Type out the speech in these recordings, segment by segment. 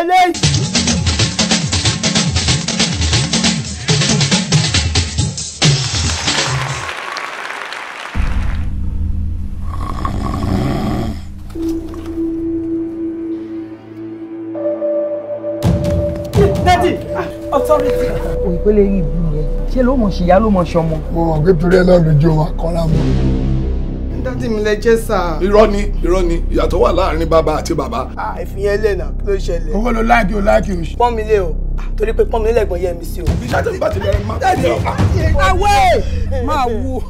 eléyìí. Ah, authority. òyìnbó lè rí ìbú yẹn ṣé ló mọ̀ ṣìyá ló mọ̀ ṣọmọ. mo mọ̀ pé torí ẹ náà lójú wa kọ́ láàmú dádì mi lẹ jẹ́ sà. irọ́ ni irọ́ ni ìyàtọ̀ wà láàrin bàbá àti bàbá. a ìfìyẹn lè nà kí ló ṣẹlẹ̀. owó ló láàkì ò láàkì ò. pọ́n mi lé o torí pé pọ́n mi lẹ́gbọ̀n yẹ mi sí o. ìṣá tó ń bá ti bẹ̀rẹ̀ máa wù ọ́. àwẹ̀ máa wù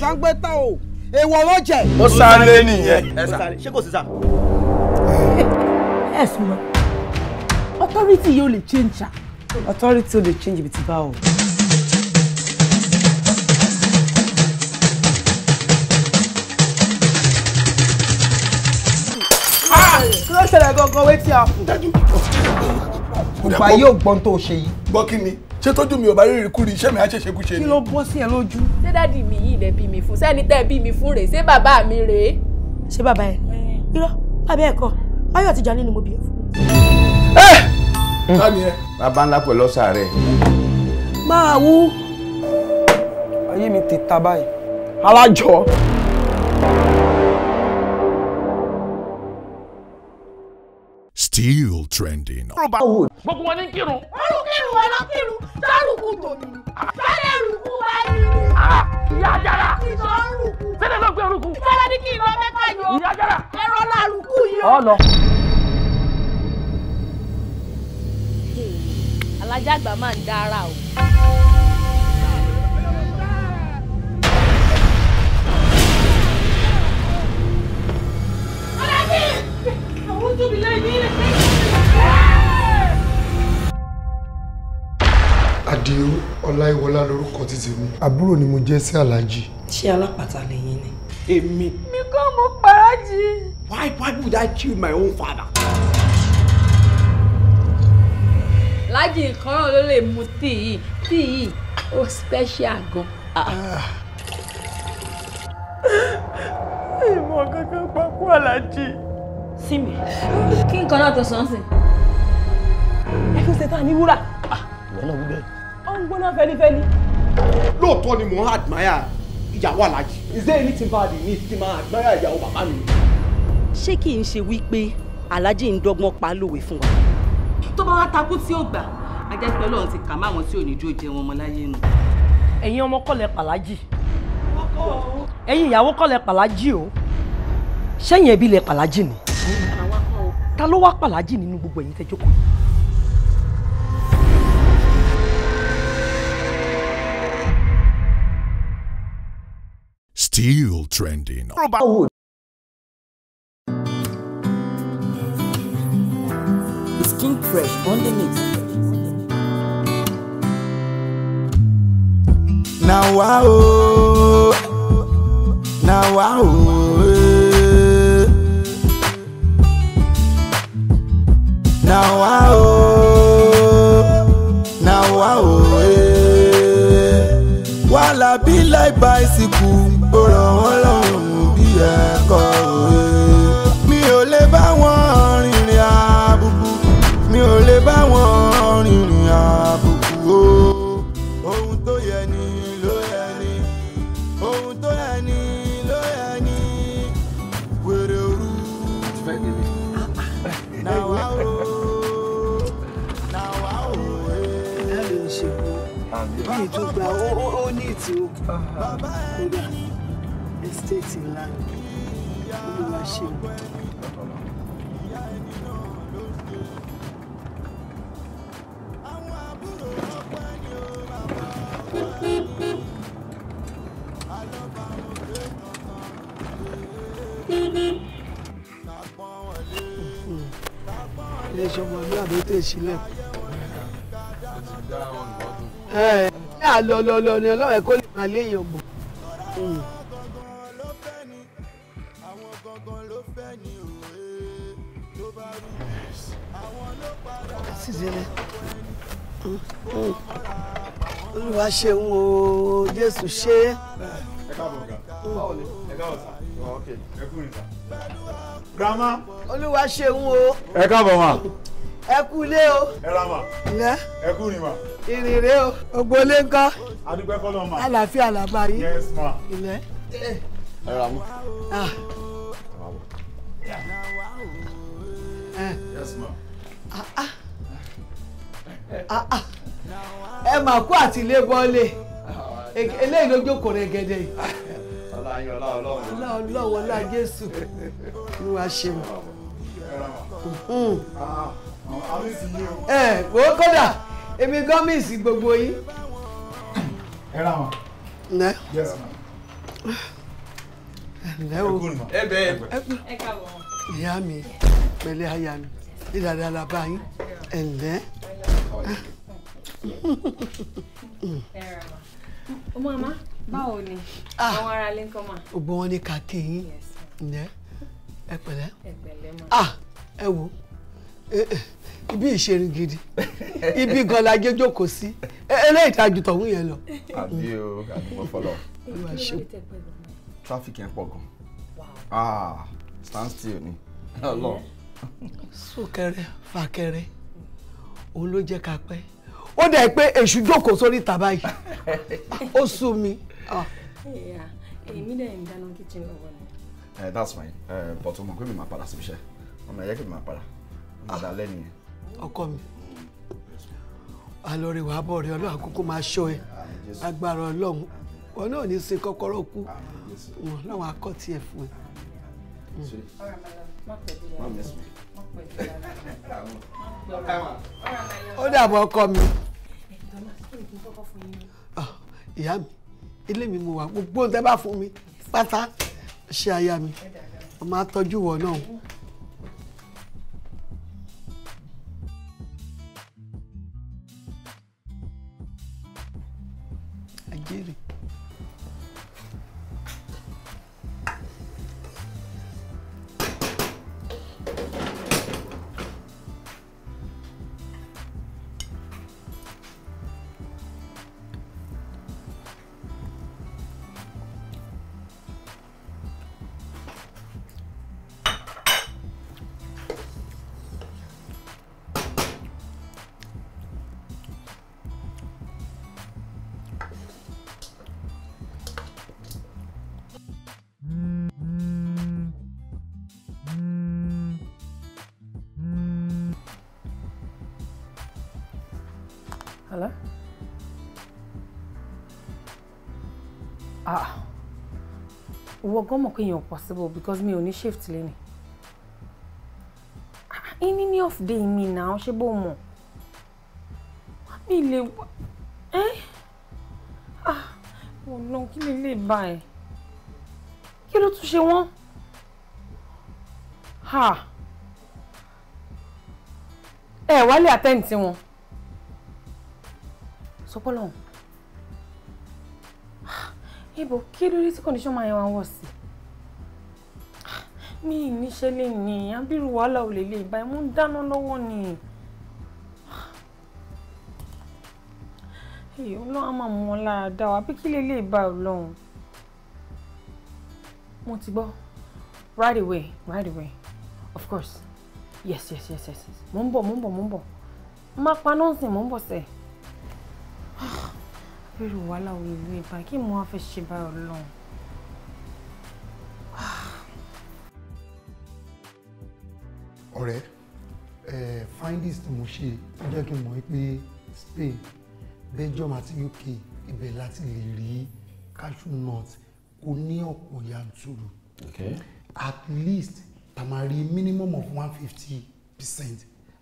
zangbẹ́ta o èèwọ̀ ló jẹ. ó sáré nìyẹn. ṣé kò sí sà. ẹ mọ́ authority yóò lè change authority yóò lè change ibi tí bá o. ṣẹlẹ̀ gangan wetin happen. dájú ọ̀pá yóò gbọ́n tó ṣe yìí. gbọ́ kí ni ṣé tójú mi ò bá rírì kúri iṣẹ́ mi á ṣẹ̀ṣẹ̀ kú ṣe ni. kí ló bọ́ sí ẹ lójú. ṣé dáàdi mi yìí lẹ bí mi fún sẹ́ni tẹ́ bí mi fún rèé ṣé bàbá mi rèé. ṣé bàbá ẹ irọ́ bàbá ẹ kọ báyọ̀ ti jalè ni mo bí ẹ fún. Eh! Hmm. tani ẹ. bàbá ńlá pẹ̀lú ọ̀sà rẹ̀. máa wú. ayé mi ti ta báyìí alájọ. still trending. gbogbo wọn ní kírun. olùkírun ọlọkírun sárùkù tòmí sáré rùkù wá nínú. Ah, ìyá àjàrà ìṣọ́ rùkù. sẹ́lẹ̀ ló gbé rùkù. ìfẹ́lẹ́ ní kí n lọ mẹ́ta yọ. ìyá àjàrà ẹ̀rọ la rùkù yọ. ọ lọ. alájà àgbà máa ń dára o. Yeah. أعوذ بالله منك Àdìó Ọláìwọlá lorúkọ ti tèmi. Àbúrò ni mo jẹ́ sí Aláàjì. Ṣé alápàtà lẹ́yìn ni? Èmi. Mi kọ́ mo paraji. Why why would I kill my own father? Lájì nǹkan náà ló lè mu tíì yìí. Tíì yìí ó special gan. Ah. Ìmọ̀ kankan papọ̀ Aláàjì sí mi. kí nǹkan náà tó sàn sí. ẹ fi ṣetán ní wúrà. Ah, ìwọ náà wúlẹ̀. ó ń gbóná fẹlifẹli. lóòótọ́ ni mò ń is there anything bad in it tí máa admire ìyàwó bàbá mi. ṣé kì í ṣe wípé aláàjì ń dọ́gbọ́n pa lówe fún wa. tó bá wá takú tí ó gbà ajẹ́pẹ́ ọlọ́run ti kà má àwọn tí ò ní jó jẹ wọn ọmọ láyé nù. ẹ̀yin ọmọ kọ́lẹ̀ pàlájì ẹ̀yin ìyàwó kọ́lẹ̀ pàlájì o ṣẹ́yìn ẹbí lẹ pàlájì ni ta ló wá pàlájì nínú gbogbo ẹ̀yin tẹ́ jókòó Still trending. Skin fresh underneath. Now wow, now wow. na wa o na wa o wàhálà bí láì bicycle ó ràn wọ́n lọ́rùn bí ẹ̀kọ́ òye. Eh. kódà ẹ́stéètì ńlá ni olúwa ṣe iléeṣẹ́ ọmọlúwàbí tó ìṣílẹ̀. ẹ ẹ ní àlọ́ lọ́lọ́ ni ọlọ́run ẹ̀ kó lè àlẹ́ yẹn bọ̀. sísèlè ṣeun o jésù ṣe hmm. grandma. olúwa ṣeun o. ẹ káàbọ̀ ma ẹ kú ilé o. ẹ ra ma. ẹ kú rìn ma. ìrìn o. ògbólé ńkọ́ adúpẹ́ fọlọ́ ma. àlàáfíà làbá yín. yes ma. ilẹ̀. ẹ ra mú. Ah. Eh. Ah, ah. ẹ mà kú àti ilé bọ́ọ̀lì eléyìí ló jókòó rẹ gẹ́dẹ́ yìí. ọlá yín ọlá jésù ló wá ṣe mọ́. ẹ hmm. wo eh, kódà èmi gọ́mìsì gbogbo yín ẹ ra wọn. ǹlẹ́ ǹlẹ́ o ẹ bẹ ẹ káàbọ̀. ìyá mi pẹ̀lẹ́ aya mi ìdàdà la bá yín ẹ̀lẹ́. ọmọ àmá báwo ni ah. àwọn ará ilé ń kọ́ mà. gbogbo wọn ní kàkí yín ǹlẹ́ ẹ pẹ̀lẹ́ ẹ ah, wo. Eh, eh ibi ìṣerin gidi ibi gan la jẹ́ jókòó sí eléyìí tá a ju tọ̀hún yẹn lọ. àbí o àdúgbò fọlọ traffic yẹn pọ̀ gan ah stand still ni ọlọ. súnkẹrẹ fàkẹrẹ òun ló jẹ́ ká pẹ́ ó dẹ̀ pé èṣù jókòó sórí tàbá yìí ó sú mi. Ah. èmi dẹ̀ ń dáná kíchìn lọ́wọ́ ni. Eh, that's fine eh, but o mọ̀ pé mi máa padà síbi iṣẹ́ ọmọ ẹ̀yẹ́ kì í máa padà mo dà lẹ́nu ọkọ mi alọrin wàá bọ̀ rẹ ọlọ́run àkókò máa ṣọ́ ẹ agbára ọlọ́run wọn náà ní sin kọ́kọ́rọ́ kú wọn náà wàá kọ́ tiẹ̀ fún ẹ. ó dàbọ̀ ọkọ mi ah, ìyá mi ilé mi mo wà gbogbo ohun tẹ́ bá fún mi pátá ṣe aya mi ọmọ atọ́jú wọ náà. ìwọ gan mọ̀ pé èèyàn possible because mi ò ní shift lẹ́nu ah, in any of day mi náà ṣé bó mọ̀ mi lè wá ẹ́ eh? ah ọ̀nà kí lè lè bá ẹ̀ kí ló tún ṣe wọ́n ha ẹ̀ wálé àtẹ́ǹtì wọn sọpọ́lọ́hùn ibo kí ló dé tí condition máa yẹn wá wọ̀ sí mi ì níṣẹ́ lè ní abirù wàhálà ò lè lè báyìí mo ń dáná lọ́wọ́ ni. ọlọ́run á máa mú wọn lára dá wa bí kí lè lè bá ọlọ́run. mo ti gbọ́ right away right away of course yes yes yes yes mo ń bọ̀ mo ń bọ̀ mo ń bọ̀ má pa nọ́ọ̀sì mo ń bọ̀ sẹ́ẹ̀ irú wàhálà wo ìlú ìbá kí mo wá fẹ́ ṣe báyọ̀ lọ́hùn. ọ̀rẹ́ findings tí mo ṣe ó jẹ́ kí n mọ̀ pé Spain Belgium àti UK ibẹ̀ láti lè rí cashew nut kò ní ọ̀pọ̀ yanturu okay. at least ta máa rí minimum of one fifty percent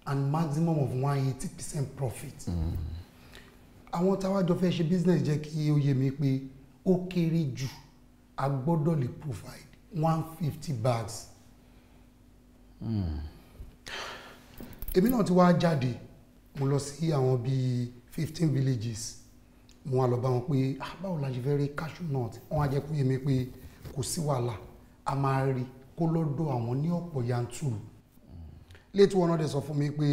and maximum of one eighty percent profit. Mm àwọn táwa jọ fẹ́ ṣe business jẹ́ kí ó yé mi pé ó kéré jù a gbọ́dọ̀ lè provide one fifty bags. Hmm. èmi náà ti wá jáde mo lọ sí àwọn bíi fifteen villages mo wá lọ bá wọn pé ah, báwo la ṣe fẹ́ rí cashew nut wọn á jẹ́ kó yé mi pé kò sí wàhálà a máa rí kó lọ́dọ̀ àwọn ní ọ̀pọ̀ yanturu létí wọn náà dẹ̀ sọ fún mi pé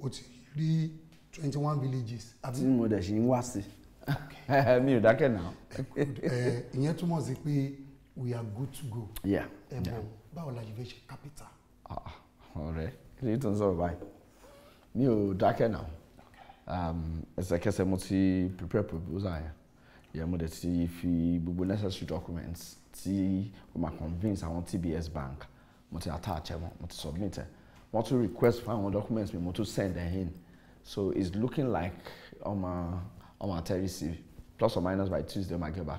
o ti rí twenty one villages. àti mo dẹ̀ ṣe ń wá sí mi ò dákẹ́ náà. Eh, ìyẹn túmọ̀ sí pé we are good to go. ẹ̀bùn eh, báwo la yìí fẹ́ ṣe capital. Ah, ọ̀rẹ́ kí ni tó ń sọ̀rọ̀ báyìí mi ò dákẹ́ náà um, ẹsẹ̀kẹsẹ̀ mo ti prepare proposal yẹn yẹn mo dẹ̀ ti fi gbogbo necessary documents tí o ma convince àwọn TBS bank mo ti attach ẹ mo ti submit ẹ wọ́n tún request fún àwọn documents mi mo tún send ẹ in. So it's looking like on my on my plus or minus by Tuesday, I might get back.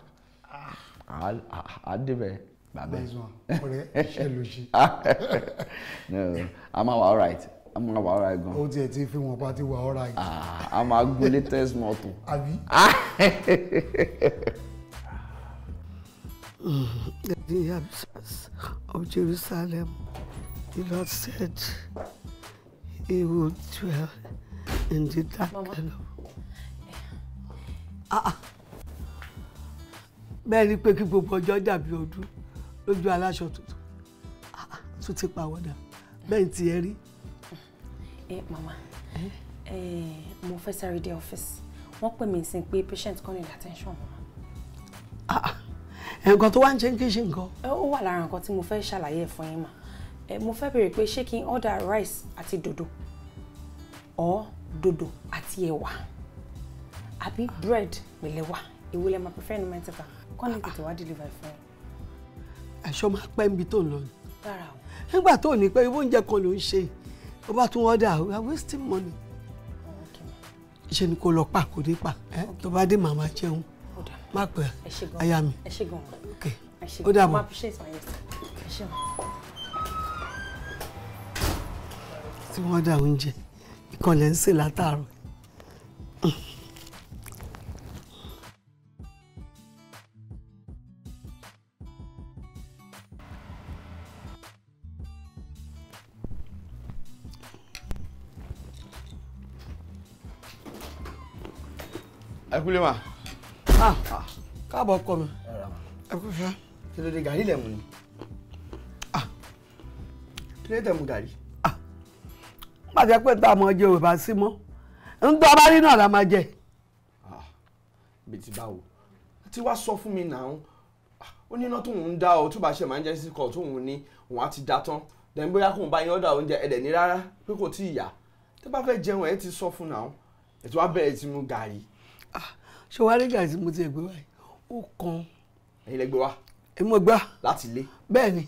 Ah. I'll, I'll do it. Babe. Nice no, I'm all right. I'm all right gan. O tiẹ̀ ti fi wọn pa ti wà all right. Ah, a máa gbé latest mọ́tò. Àbí? The absence of Jerusalem, the Lord said he would dwell. Ǹjẹ́ dákẹ́ lọ. Ah, ah. Bẹ́ẹ̀ ni pé kí gbogbo ọjọ́ dàbí ọdún lójú aláṣọ tuntun ah, tún ti pàwọ́dà bẹ́ẹ̀ ti ẹ rí. Eh, ẹ màmá eh, ẹ mo fẹ́ sáré dé ọ́fíìsì wọ́n pè mí sí pé patient kan need attention màmá. Nǹkan tó wá ń ṣe ń kí ṣe nǹkan. Eh, ó wà lára nǹkan tí mo fẹ́ ṣàlàyé ẹ̀ fún yín mà. Mo fẹ́ béèrè pé ṣé kí n order rice àti dodo. or Dodo àti ẹ̀wà àbí bread pẹ̀lẹ́ wà èwo lẹ máa prefer ní mẹ́tẹ̀ẹ̀ta kọ́ni tètè wá deliver fún ẹ. àṣọ máa pẹ́ níbi tó ń lọ ni. rárá o. nígbà tó ní pé owó oúnjẹ kan ló ń ṣe ó bá tún order we are wasting money. ṣe ni kò lọ pa kò dé pa tó bá dé màmá jẹun má pẹ́ aya mi. ẹ ṣe gan ọ ó dàbọ̀. tí wọ́n dà oúnjẹ ìkànlẹ̀ ń sè látàárọ̀. ẹ kúlé ma. Ah, ah, káàbọ̀ ọkọ mi ẹ kú fẹ́. tètè gàrí lẹ̀ mú ni. Ah, tètè mú gàrí pàṣẹ pé tá a mọ jẹ ò bá sí mọ́ ń tọ́ bá rí náà la máa jẹ. ibi ah, tí báwo tí wàá sọ fún mi náà ah, ó ní iná tóun ń dá ọ tó bá ṣe máa ń jẹ sí kọ tóun ní òun á ti dá tán dẹ̀yìn bóyá kóun bá yín ọ̀dà oúnjẹ ẹ̀dẹ̀ ní rárá pé kò tí ì yá tó bá fẹ́ jẹun ẹ̀ ti sọ fún náà ètò wa bẹ̀rẹ̀ ti mú gàrí. Ah, ṣé wàá rí gàrí tí mo ti gbé wáyé ó kan. ẹ̀yin lẹ gbé wá. èmi ò gbá. láti ilé. bẹ́ẹ̀ ni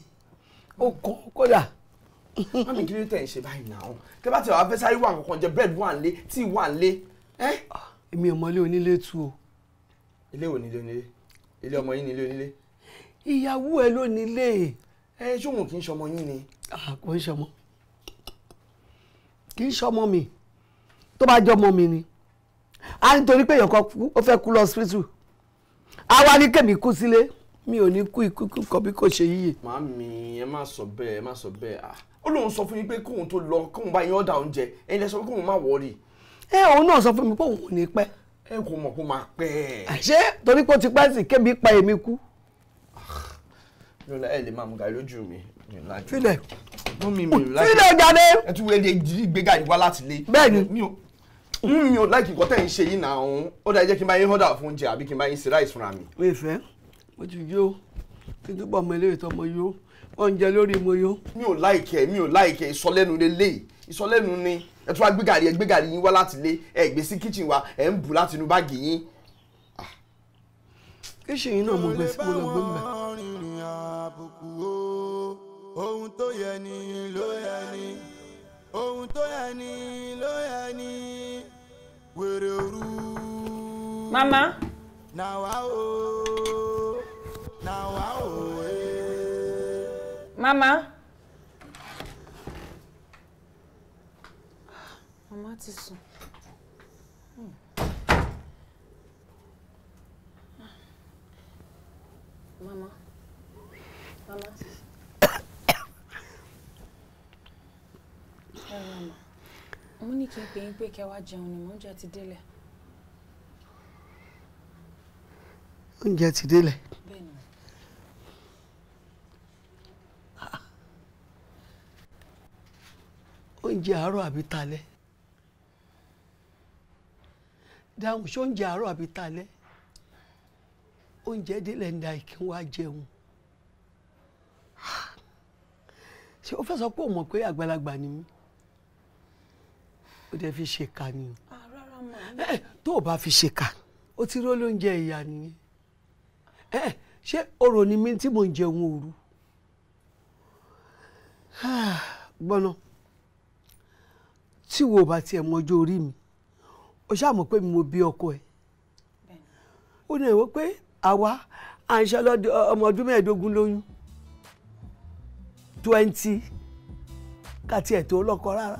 ó kan kódà mami kí ló tẹ̀ ń ṣe báyìí náà tẹ bá ti wàá fẹ́ sáré wà nǹkan jẹ bread wà nílé tíì wà nílé. èmi ò mọlé onílé tu o. ilé wo nílé onílé ilé ọmọ yín nílé onílé. ìyàwó ẹ ló nílé. ẹ ṣóhun kì í ṣọmọ yín ni. Ah, kò ń ṣọmọ kì í ṣọmọ mi tó bá jọmọ mi ni a nítorí pé èèyàn kan ó fẹ́ kú lọ hospital àwa ní kèmí kú sílé mi ò ní kú ikú kan bí kò ṣe yíyẹ. màámi ẹ má sọ bẹ́ẹ̀ ẹ má sọ bẹ́ẹ̀ ah ó lóun sọ fún yín pé kóun tó lọ kóun bá yín ọ̀dà oúnjẹ ẹ̀yin lẹ sọ pé kóun má wọrí. ẹ òun náà sọ fún mi pé òun ò ní pẹ́. ẹ kò mọ̀ kó máa pẹ́. àṣé torí pé ó ti pẹ́ sí kébi pa èmi kú. ẹ lè máa mú gàrí lójú mi. fílẹ̀ fílẹ̀ jáde. ẹ tún wẹ́ẹ́ lè gbé gàrí wá láti lé. bẹ́ẹ̀ni mi ò láìkí nǹkan tẹ̀ ń ṣe yìí náà òun ó dáa jẹ́ kí n bá yín ọ̀dà fún oúnjẹ àbí kí n bá yín ṣe ráìsì fúnra mi. mo ìfẹ́ mo ti yó kí n túbọ̀ mọ eléyìí tó mọ yó oúnjẹ lórí mo yó. mi ò láìkẹ mi ò láìkẹ ìsọlẹ́nu lélẹ́yìí ìsọlẹ́nu ni ẹ tún wá gbé gàrí ẹ gbé gàrí yín wá láti ilé ẹ gbé sí kíchìn wa ẹ ń bù láti inú báàgì yín. Ah. kíchìn yín náà mo gbé sí mo lọ gbé mbẹ. ohun tó yẹ ni ló yẹ ni ohun tó yẹ ni ló yẹ ni wèrè òru. mama. nàwa o nàwa o. Mama. Mama ti sùn. Mama. Mama. mo ní kí n pè yín pé kẹ́ wá jẹun ni mo oúnjẹ ti délẹ̀. oúnjẹ ti délẹ̀. bẹ́ẹ̀ni. oúnjẹ àárọ̀ àbí talẹ́ dáhùn sóúnjẹ àárọ̀ àbí talẹ́ oúnjẹ délẹ̀ ń da kí n wá jẹun ṣé o fẹ́ sọ pé o mọ̀ pé àgbàlagbà ni mí o dẹ̀ fi ṣèkà ni o ah, eh, eh, tó o bá fi ṣèkà o ti ró lóúnjẹ ìyá nìyẹn eh, ṣé orò ni mí tí mò ń jẹun òru ah, gbọ́nà tí wo bá tiẹ̀ mọjọ́ orí mi ó ṣàmọ̀ pé mo bí ọkọ ẹ̀ ó ní ẹ̀wọ́ pé àwa à ń ṣe ọmọ ọdún mẹ́ẹ̀ẹ́dógún lóyún twenty kàti ẹ̀ tó lọ́kọ rárá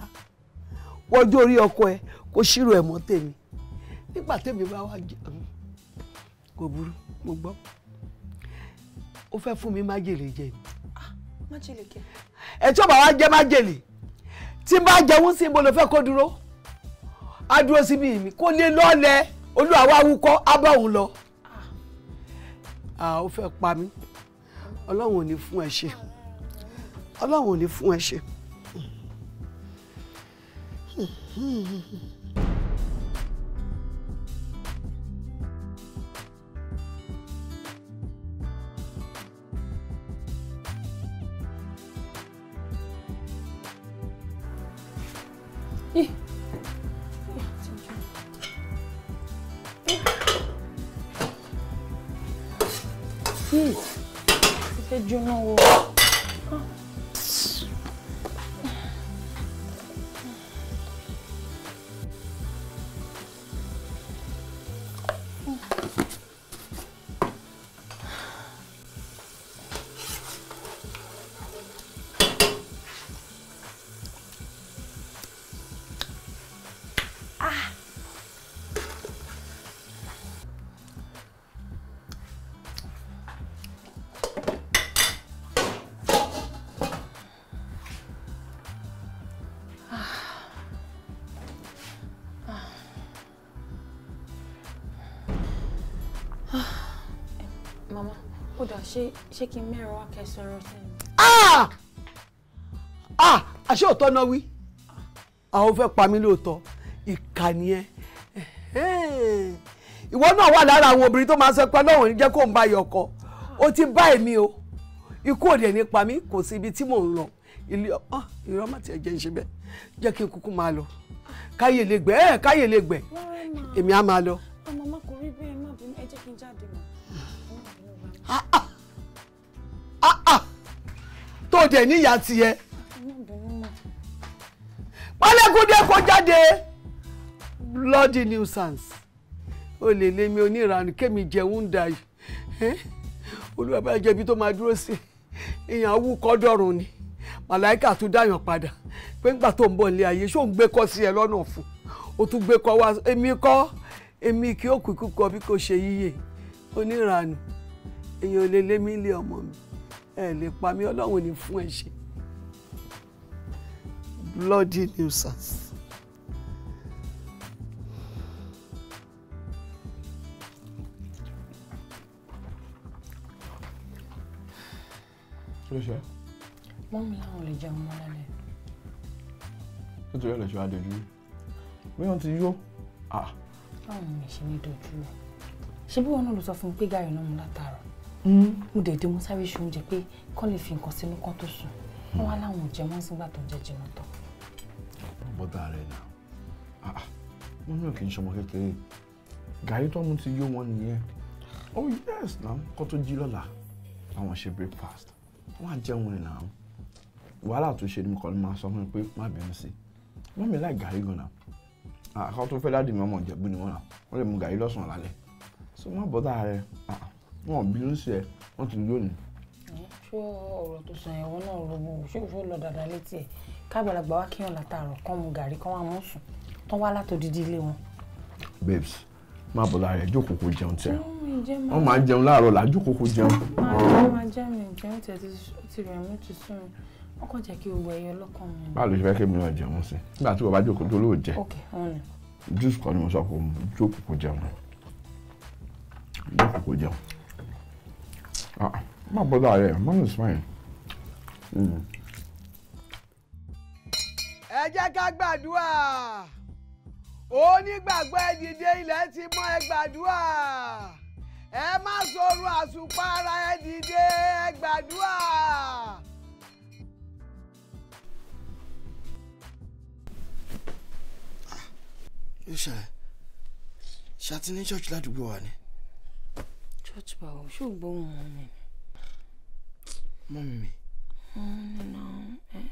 wọ́jọ́ orí ọkọ ẹ̀ kó ṣírò ẹ̀ mọ́ tèmi nígbà tèmi bá wá jẹ kò burú mo gbọ́ ó fẹ́ fún mi májèlé jẹ ah, ẹ̀ tí ó bá wá jẹ́ májèlé tí n bá jẹun sí ibo ló fẹ́ kó dúró á dúró síbi mi kó lé lọ́lẹ̀ olúwa wá wúkọ́ á bá òun lọ. ó fẹ́ pa mí ọlọ́run ò ní fún ẹ ṣe ọlọ́run ò ní fún ẹ ṣe. mm ṣé ṣé kí n mẹ́rọ wá kẹ́ sọ̀rọ̀ sẹ́yìn. ah ah àṣé òótọ́ náà wí àwọn ah, fẹ́ pa mí lóòótọ́ ìkànnì ẹ ìwọ náà wà lára àwọn obìnrin tó máa ń sọ pé ọlọ́run ò ní jẹ́ kó ń bá yọ ọkọ ó ti bá èmi o ikú òde ẹ̀ nípa mi kò sí ibi tí mò ń lọ ilé ọ ah, ìrọ́ má tiẹ̀ jẹ́ ìṣe bẹ́ẹ̀ jẹ́ kí n kúkú máa lọ káyè lè gbẹ́ ẹ̀ káyè lè gbẹ́ èmi á máa lọ. ọmọ ọmọkùnrin bẹ́ẹ̀ má bínú ẹ jẹ́ kí n jáde mọ́. Ah, Ah, ah. tó dẹ̀ níyà tiẹ̀ pálákúndé kó jáde bloody nuisance ó lè lé mi oníranù kémi jẹun dà yìí olúwa bá jẹbi tó máa dúró sí ìyàn awúkọ dọ̀run ni màláìkà tún dáyàn padà pé ńgbà tó ń bọ̀ nílé ayé ṣó ń gbé kọ́ sí ẹ lọ́nà fún o tún gbé kọ́ wá èmi kọ́ èmi kí ó kú ikú kọ bí kò ṣe yíyẹ oníranù èèyàn ò lè lé mi lé ọmọ mi ẹ lè pa mí ọlọ́run ní fún ẹ ṣe bloody nuisance. ṣe. mọ́mí làwọn lè jẹun mọ́ lálẹ́. nítorí ẹlẹ́ṣọ́ adẹ́jú bí wọ́n ti yó. Ah. báwo ni mi ṣe ní dojú rẹ̀ ṣé bí wọn náà ló sọ fún mi pé gàrí náà mú látàárọ̀. Mm, mo dẹ̀ dé mo sáré ṣe oúnjẹ pé kọ́ lè fi nǹkan sínú kán tó sùn wọ́n wá láwọn ò jẹ wọ́n sígbà tó jẹ jìnnà tán. bọ́dà rẹ̀ nà wọ́n ah, ah. ní òkè ń ṣọmọ kékeré gàrí tó mú ti yó wọn nìyẹn oh yes náà kó tó jí lọ́la àwọn ṣe breakfast wọ́n á jẹun rìn náà wàhálà tó ṣe ni mo kàn máa sọ fún mi pé má bínú sí wọ́n mi láì gàrí gan náà àkọ́ ah, tó fẹ́ dáàdì mi ọmọ ìjẹ̀bú ni wọ́n náà wọ́n lè mu gàrí lọ́sàn-án lálẹ́ so má bọ́dà rẹ̀ wọn bínú sí ẹ wọn ti lónìí. ṣé ọ̀rọ̀ tó sọ ẹ̀wọ̀n náà rọgbọ ṣé òṣèlú lọ dáadáa létí ẹ̀ káàgbàlagbà wá kíyàn látàárọ̀ kán mu gàrí kán wá mú sùn tán wá látòdìdí ilé wọn. babes máa bọ̀ lára ẹ̀ jókòó kó jẹun tẹ̀ wọ́n máa jẹun láàárọ̀ là jókòó kó jẹun. máa jẹun jẹun tẹ̀ ti rẹ̀ mú ti sún mi wọ́n kàn jẹ́ kí gbogbo ẹyọ lọ́kàn mi. báwo ló ṣe fẹ́ kí mi náà jẹun sí nígbà tí bàbá jókòó tó lóò jẹ juice kan ni mo sọ kó jókòó kó jẹun jókòó kó jẹun. Ah, ma bo daje, mam nic mojej. Ẹ jẹ́ ká gbàdúrà. Onígbàgbọ́ ẹ dìde ilẹ̀ ti mọ́ ẹ gbàdúrà. Ẹ má sọ̀rọ̀ àsùpá ara ẹ dìde ẹ gbàdúrà. Ah, ṣé ṣàtìní ṣọ́ọ̀ṣì ládùúgbò wa ni? church bá o ṣó gbóhùn wọn ni. mọ́mì mi. òun ni náà ẹ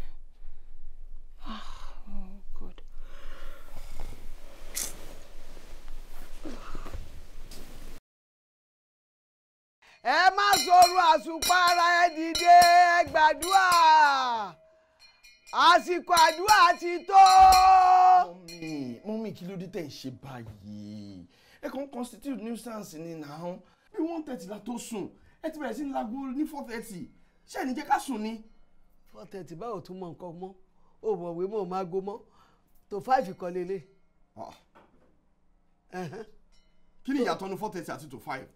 ah oh god. ẹ má sọ̀rọ̀ àsùnpá ara ẹ dìde ẹ gbàdúrà àsìkò àdúrà ti tó. mọ́mì mọ́mì kí ló dé tẹ̀ ń ṣe báyìí ẹ kàn ń constitute nuisance ni nàá bí one thirty la tó sùn ẹ ti bẹ̀rẹ̀ sí ní lago ní four thirty ṣé ẹni jẹ́ ká sùn ni. four thirty báwo tún mọ nǹkan mọ́ ò mọ̀ wé mọ̀ máa go mọ́ tó five kọ́ lélẹ̀. Ah. kí ni ìyàtọ̀ ní four thirty àti tó five.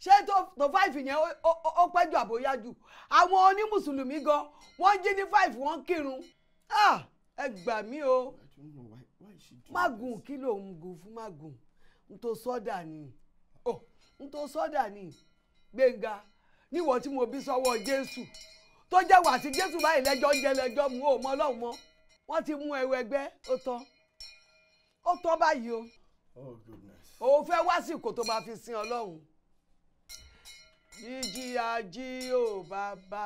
ṣé tó five yẹn ó pẹ́ jù àbóyá jù àwọn onímùsùlùmí gan wọ́n jí ní five wọ́n kírun ah! ẹ gbà mí o magun kí ló ń gun fún magun n tó sọ́dà ni n tó sọ́dà ni gbẹ̀ngà níwọ̀ tí mo bí sọ́wọ́ jésù tó jẹ́ wà sí jésù báyìí lẹ́jọ́ ń jẹ lẹ́jọ́ mu ò mọ ọlọ́run mọ́ wọ́n ti mú ẹwẹ́ ẹgbẹ́ ó tán ó tán báyìí o òun oh, fẹ́ wá sí ìkó tó bá fi sin ọlọ́run jíjìyà jí ò bàbá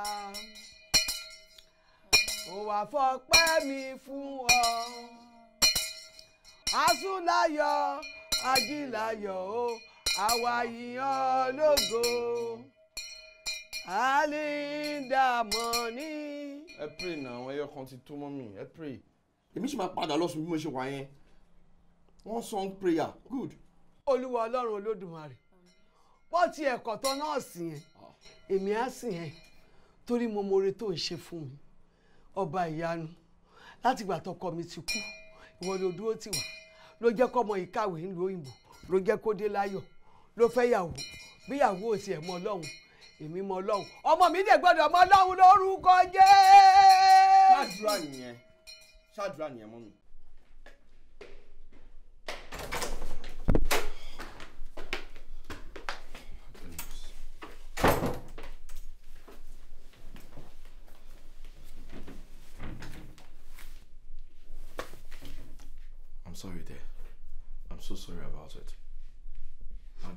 ò wá fọpẹ́ mi fún ọ asúnláyọ̀ ajíláyọ̀ o. Oh àwa yìnyàn lógo àlìndàmọ́ ní. ẹ pray na àwọn ẹyọ kan ti tó mọ́ mi ẹ pray èmi sì máa padà lọ́sùn bí mo ṣe wà yẹn one song prayer good. olúwa ọlọ́run olódùmarè wọ́n ti ẹ̀kọ́ tán náà sí yẹn èmi á sì yẹn torí mo mọ̀re tó ń ṣe fún mi ọba ìyanu láti ìgbà tọkọ mi ti kú ìwọ ni o dúró tì wá ló jẹ́ kọ́mọ ìkàwé ńlú òyìnbó ló jẹ́ kó dé láyọ̀ ló fẹ́ yàwó bí yàwó ò sì ọlọ́run èmi mọ ọlọ́run ọmọ mi dẹ̀ gbọ́dọ̀ mọ ọlọ́run lórúkọ jẹ́. ṣáàdúrà nìyẹn ṣáàdúrà nìyẹn mọ́ mi.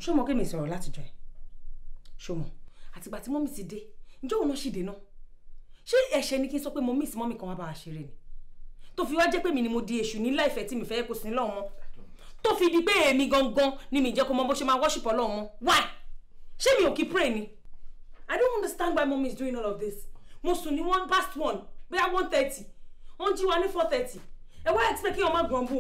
ṣó mọ kémi sọ̀rọ̀ látijọ ẹ̀ ṣó mọ àtìgbà tí mọ́mì ti dé ǹjẹ́ òun náà ṣì dé náà ṣé ẹ̀ṣẹ̀ ni kí n sọ pé mo miss mọ́mì kan wá bá a ṣeré ni tó fi wá jẹ́ pé mi ni mo di èṣù nílá ìfẹ́ tí mi fẹ́ kó sí lọ́wọ́ mọ́ tó fi di pé èmi gangan ni mi jẹ́ kó mọ bó ṣe máa worship Ọlọ́run mọ́ why ṣé mi ò kí pray ni I don't understand why mommy is doing all of this mo sùn ní one past one bóyá one thirty wọ́n jí wa ní four thirty ẹ wá expect kí wọ́n má gbọ̀ngbò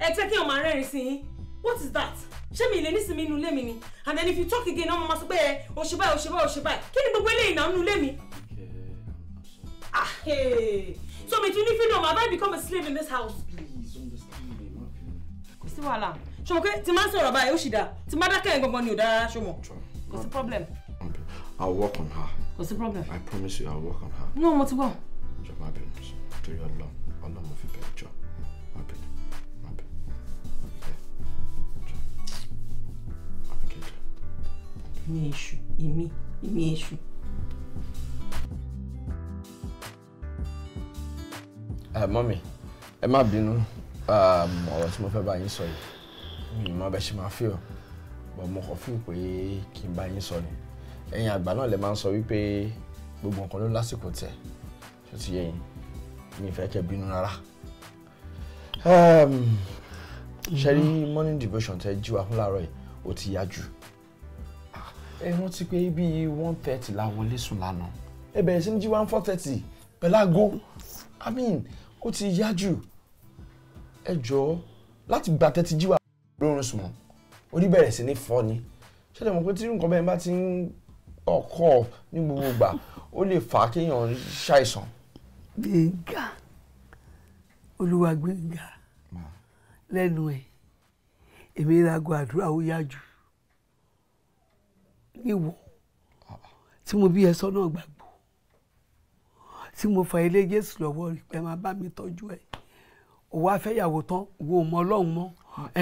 ẹ expect kí wọ́n má rẹ́rìn sí yín what is that ṣé mi ilé nísìnyí inú ilé mi ni and then if you talk again ọmọ máa sọ pé eh, o ṣe báyìí o ṣe báyìí o ṣe báyìí kí ni gbogbo eléyìí náà nínú ilé mi. ah hey so between tún ní freedom have I become a slave in this house. please understand me ma fi. kò sí wàhálà ṣùgbọ́n pé tí máa ń sọ̀rọ̀ báyìí ó ṣì dáa tí máa dákẹ́ yẹn gangan ni ò dáa ṣùgbọ́n kò sí problem. I'll work on her. kò sí problem. I promise you I'll work on her. no mo ti wọ. ìjọba bẹ̀rẹ̀ mi sọ èmi èṣù èmi èmi èṣù. Ah, mọ́mì ẹ má bínú ah, ọ̀rọ̀ tí mo fẹ́ bá yín sọ yìí mi ì mọ bẹ́ẹ̀ ṣe máa fi ọ́ bọ̀ mo kàn fún pé kí n bá yín sọ ni ẹ̀yin àgbà náà lè máa ń sọ wípé gbogbo nǹkan ló lásìkò tẹ̀ tó ti yẹ yín mi fẹ́ kẹ́ bínú rárá ehm, ṣe rí mm-hmm. morning devotion tẹ́ jí wa fún láàárọ̀ yìí ó ti yá jù ẹ rántí pé bíi one thirty la wọlé sùn lánàá ẹ bẹ̀rẹ̀ sí ní jí one four thirty pẹ̀lú aago i mean ó ti yá jù ẹ jọ̀ọ́ láti gbà tẹ́tí jí wa lórun sùn mọ́ orí bẹ̀rẹ̀ sí ní fọ́ ni ṣẹlẹ̀ mọ̀ pé tí nǹkan bẹ́ẹ̀ bá ti ń ọkọ̀ ní gbogbo ìgbà ó lè fà á kéèyàn ṣàìsàn. gbẹ̀ngà olúwa gbẹ̀ngà lẹ́nu ẹ̀ èmi ìrago àdúrà ó yá jù ìwọ tí mo bí ẹ sọ́nà gbàgbọ́ tí mo fa ilé Jésù lọ́wọ́ rí pé máa bá mi tọ́jú ẹ òwò afẹ́yàwó tán wo mọ Ọlọ́run mọ́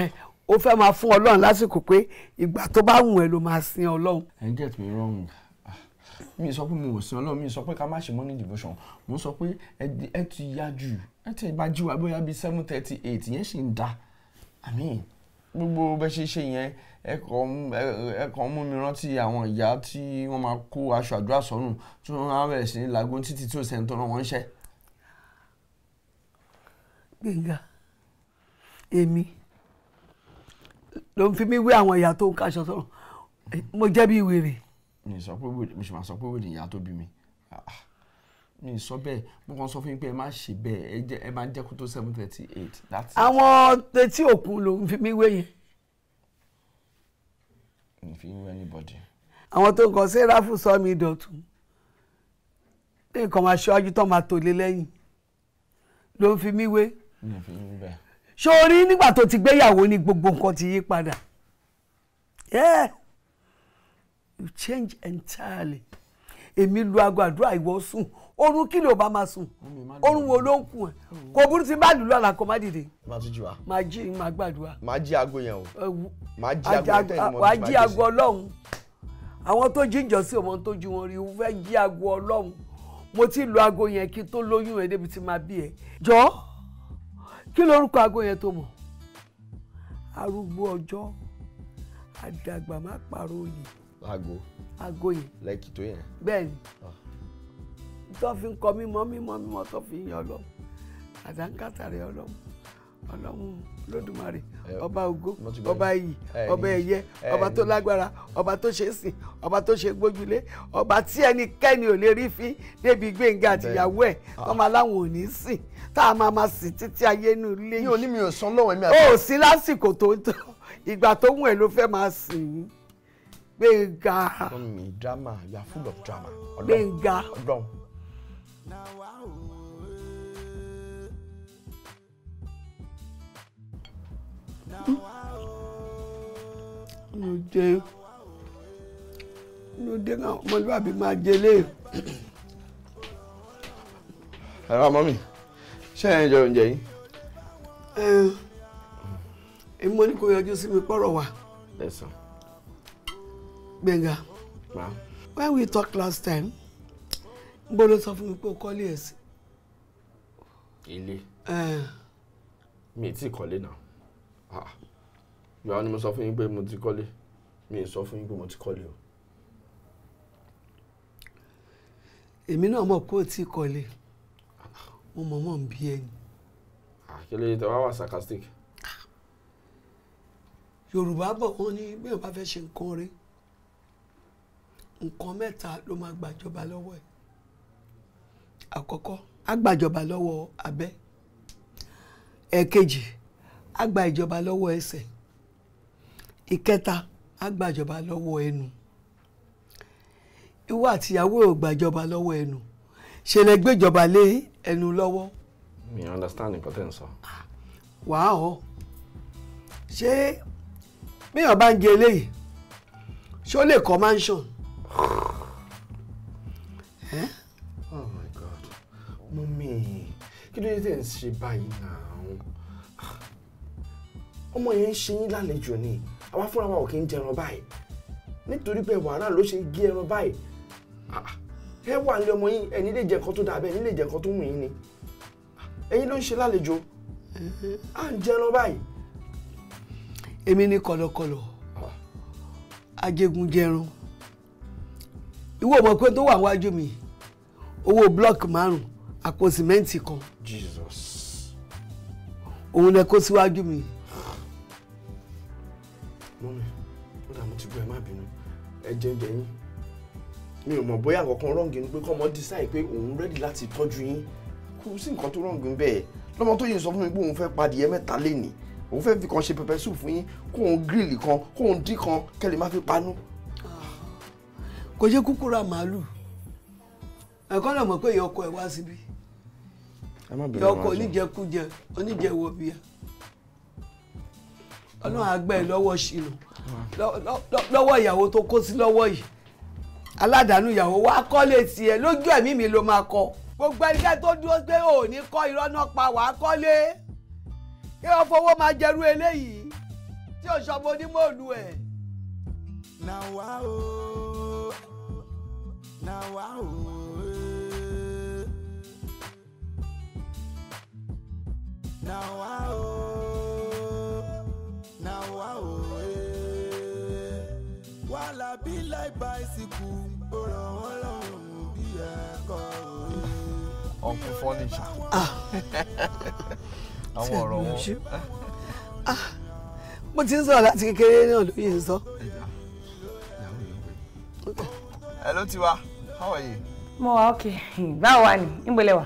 ẹ ó fẹ́ máa fún Ọlọ́run lásìkò pé ìgbà tó bá wù ẹ ló máa sin Ọlọ́run. ẹ get me wrong mi sọ pé mo ò sin Ọlọ́run mi sọ pé ká má ṣe morning devotion mo sọ pé ẹ ti yá jù ẹ ti bá jí wa bóyá bíi seven thirty eight yẹn ṣì ń da àmín gbogbo bẹ ṣe ṣe yẹn ẹ̀kọ́ ẹ̀kọ́ mú mi rántí àwọn ìyá tí wọ́n máa kó aṣọ àdúrà sọ́nù tí wọ́n á bẹ̀rẹ̀ sí ní làágùn títí tí ò sẹ́ni tó rán wọn ṣẹ́. gbẹ̀ngà èmi ló ń fi mí wé àwọn ìyá tó ń kaṣọ sọ́nù mo jẹ́ wèrè. mi sọ pé wèrè sì máa sọ pé wèrè ìyá tó bí mi ah, mi sọ bẹ́ẹ̀ mo kàn sọ fún yín pé ẹ má ṣe bẹ́ẹ̀ ẹ máa ń kó tó seven thirty eight. àwọn etí òkun ló ń fi mí wé yẹn. If you wú anybody. àwọn tó ń kọ sẹ́ráfù sọ mi dọ̀tún ní nǹkan máa ṣọ́jú tó máa tòlé lẹ́yìn ló ń fi mí wé. mi fi ń bẹ̀. sórí nígbà tó ti gbéyàwó ni gbogbo nǹkan ti yí padà. yeah you change entirely èmi lu aago àdúrà ìwọ sùn oorun kí ló bá máa sùn oorun wo ló ń kù ẹ kò burú tí bá lùlọ àlà kò má dìde. máa tún jù wá. máa jí máa gbàdúrà. máa jí aago yẹn o. máa jí aago tẹ̀yìn mọ́ ní bá jí sí. wàá jí aago ọlọ́run àwọn tó jí sí ọmọ tó jí wọn rí o fẹ́ jí aago ọlọ́run mo ti lo aago yẹn kí n tó lóyún ẹ débi tí máa bí ẹ. jọ kí lorúkọ aago yẹn tó mọ arúgbó ọjọ́ àdàgbà má pàrọ̀ òye. aago aago yẹn. lẹ́kì yẹn. bẹ́ẹ̀ Oh ah tó fi ń kọ mímọ́ mímọ́ mímọ́ tó fi ń yan Ọlọ́run àdáńkátàrí Ọlọ́run Ọlọ́run lódùmarè ọba ògo ọba iyì ọba ẹ̀yẹ ọba tó lágbára ọba tó ṣe sìn ọba tó ṣe gbójúlé ọba tí ẹnikẹ́ni ò lè rí fi débi Gbénga àtìyàwó ẹ̀ ah. ọmọ aláwọn ò ní sìn tá a máa máa sìn títí ayé inú ilé yìí. mi ò ní mi ò sán lọ́wọ́ mi àti. o sí lásìkò tó tó ìgbà tó wù ẹ́ ló fẹ́ máa sìn yín Gbénga. drama you are full of drama. Gbénga. ọlọ́run na wa o. ló dé ló dé náà ọmọlúwàbí máa jẹlé. ẹ̀rọ ọmọ mi ṣé ẹ̀ ń jẹ oúnjẹ yìí. Eh, èmi ní kò yọjú sí mi pọ̀rọ̀ wá. Gbẹ̀ngà why we talk last time gbọ́ ló sọ fún mi pé o kọ́lé ẹ̀ sí. ilé mi tí kọ́lé náà ah, ìgbà ni mo sọ fún yín pé mo ti kọ́lé mi sọ fún yín pé mo ti kọ́lé o. èmi náà mọ̀ pé o ti kọ́lé mo mọ̀ mọ̀ ń bí ẹni. àkìlẹ̀ ah, tẹ wá wà sarcastic. yorùbá bọ̀ wọ́n ní bí wọ́n bá fẹ́ ṣe nǹkan rí nǹkan mẹ́ta ló máa gbàjọba lọ́wọ́ ẹ̀ àkọ́kọ́ á gbàjọba lọ́wọ́ abẹ́ ẹ̀ẹ̀kejì á gba ìjọba lọ́wọ́ ẹsẹ̀ ìkẹta á gbàjọba lọ́wọ́ ẹnu ìwọ àtìyàwó ò gbàjọba lọ́wọ́ ẹnu ṣe lè gbéjọba lé ẹnu lọ́wọ́. mi understand nǹkan tẹ́ ń sọ. Ah, wàá ọ ṣé bíyàn bá ń jẹ eléyìí ṣó lè kọ́ mansion. mọ́mí kí ló dé tẹ̀ ń ṣe báyìí náà ọmọ yẹn ń ṣe yín lálejò ni àwa fúnra wa ò kí ń jẹran báyìí nítorí pé wàhálà ló ṣe gé ẹran báyìí ẹ wà nílé ọmọ yín ẹni lè jẹ nǹkan tó dàbẹ ẹni lè jẹ nǹkan tó wù yín ni ẹ̀yin ló ń ṣe lálejò à ń jẹran báyìí. èmi ni kọlọkọlọ ajégunjẹrun ìwọ mọ̀ pé tó wà wájú mi owó búlọ́ọ̀kì márùn-ún àpò sìmẹ́ǹtì kan. Jesus. òun lẹ kó síwájú mi. mọ́mi ó dààmú ti gbọ́ ẹ má bínú ẹ jẹ́jẹ́ yín mi ò mọ̀ bóyá àkọ́kọ́ rọ́ǹgì ni pé kọ́mọ dísáì pé òun rẹ́dì láti tọ́jú yín kò sí nǹkan tó rọ́ǹgì bẹ́ẹ̀ lọ́mọ tó yìí sọ fún mi pé òun fẹ́ padìyẹ mẹ́ta lénìí òun fẹ́ fi kan ṣe pẹpẹ soup fún yín kó òun gírìlì kan kó òun dín kan kẹ́lẹ́ má fi panú. Ah. kò ṣe kúkúrú àmàlù ẹ̀kọ́ lọ́mọ pé ìyọkọ ẹ̀ wá síbí yọkọ oníjẹkújẹ oníjẹwọ bíi ọlọ́run àgbẹ̀ lọ́wọ́ ṣìnà ah. lọ́wọ́ ìyàwó tó kó sí lọ́wọ́ yìí aládàánú ìyàwó wa kọ́lé tiẹ̀ lójú ẹ̀mí mi ló máa kọ. gbogbo ẹnikẹ́ni tó dúró pé ò ní kọ́ irọ́ náà pa wàá kọ́lé kí wọ́n fowó máa jẹrú eléyìí tí ò sọmọ onímọ̀ òlu ẹ̀. nàwa o nàwa o. na wa o na wa o wàhálà bí ọkùn fọ́nìṣà àwọn ọ̀rọ̀ wọn. Ah. mo ti ń sọ̀rọ̀ láti kékeré náà lóye ń sọ. hello Tiwa how are you. mo wà okay báwo wà ní ìgbélé wa.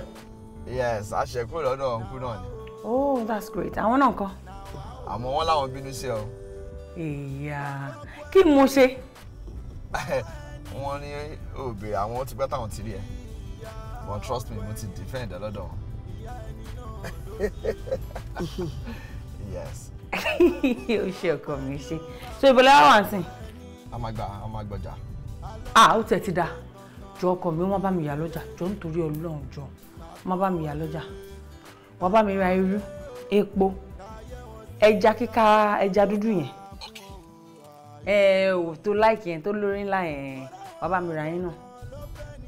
yes àṣekúrò lọ́dọ̀ ọ̀nkú náà ni oh that's great àwọn náà kọ́. àmọ́ wọ́n láwọn bínú sí ọ. ìyá kí ni mo ṣe. wọ́n ní òbí oh, àwọn ti bẹ́tà wọn ti rí ẹ but trust me mo ti defend ẹ lọ́dọ̀ wọn. yes. o ṣe ọkọ mi ṣe so ibo lẹ́wọ̀n wà sí. a máa gbà a máa gbọjà. a ah, ó tẹ̀ ti da jọ ọkọ mi wọn bá mi yà lọ́jà jọ nítorí Ọlọ́run jọ wọn bá mi yà lọ́jà wọ́n bá mi ra irú epo ẹja kíká ẹja dúdú yẹn ẹ ò tó láìkì yẹn tó lórí ńlá yẹn wọ́n bá mi ra yín náà.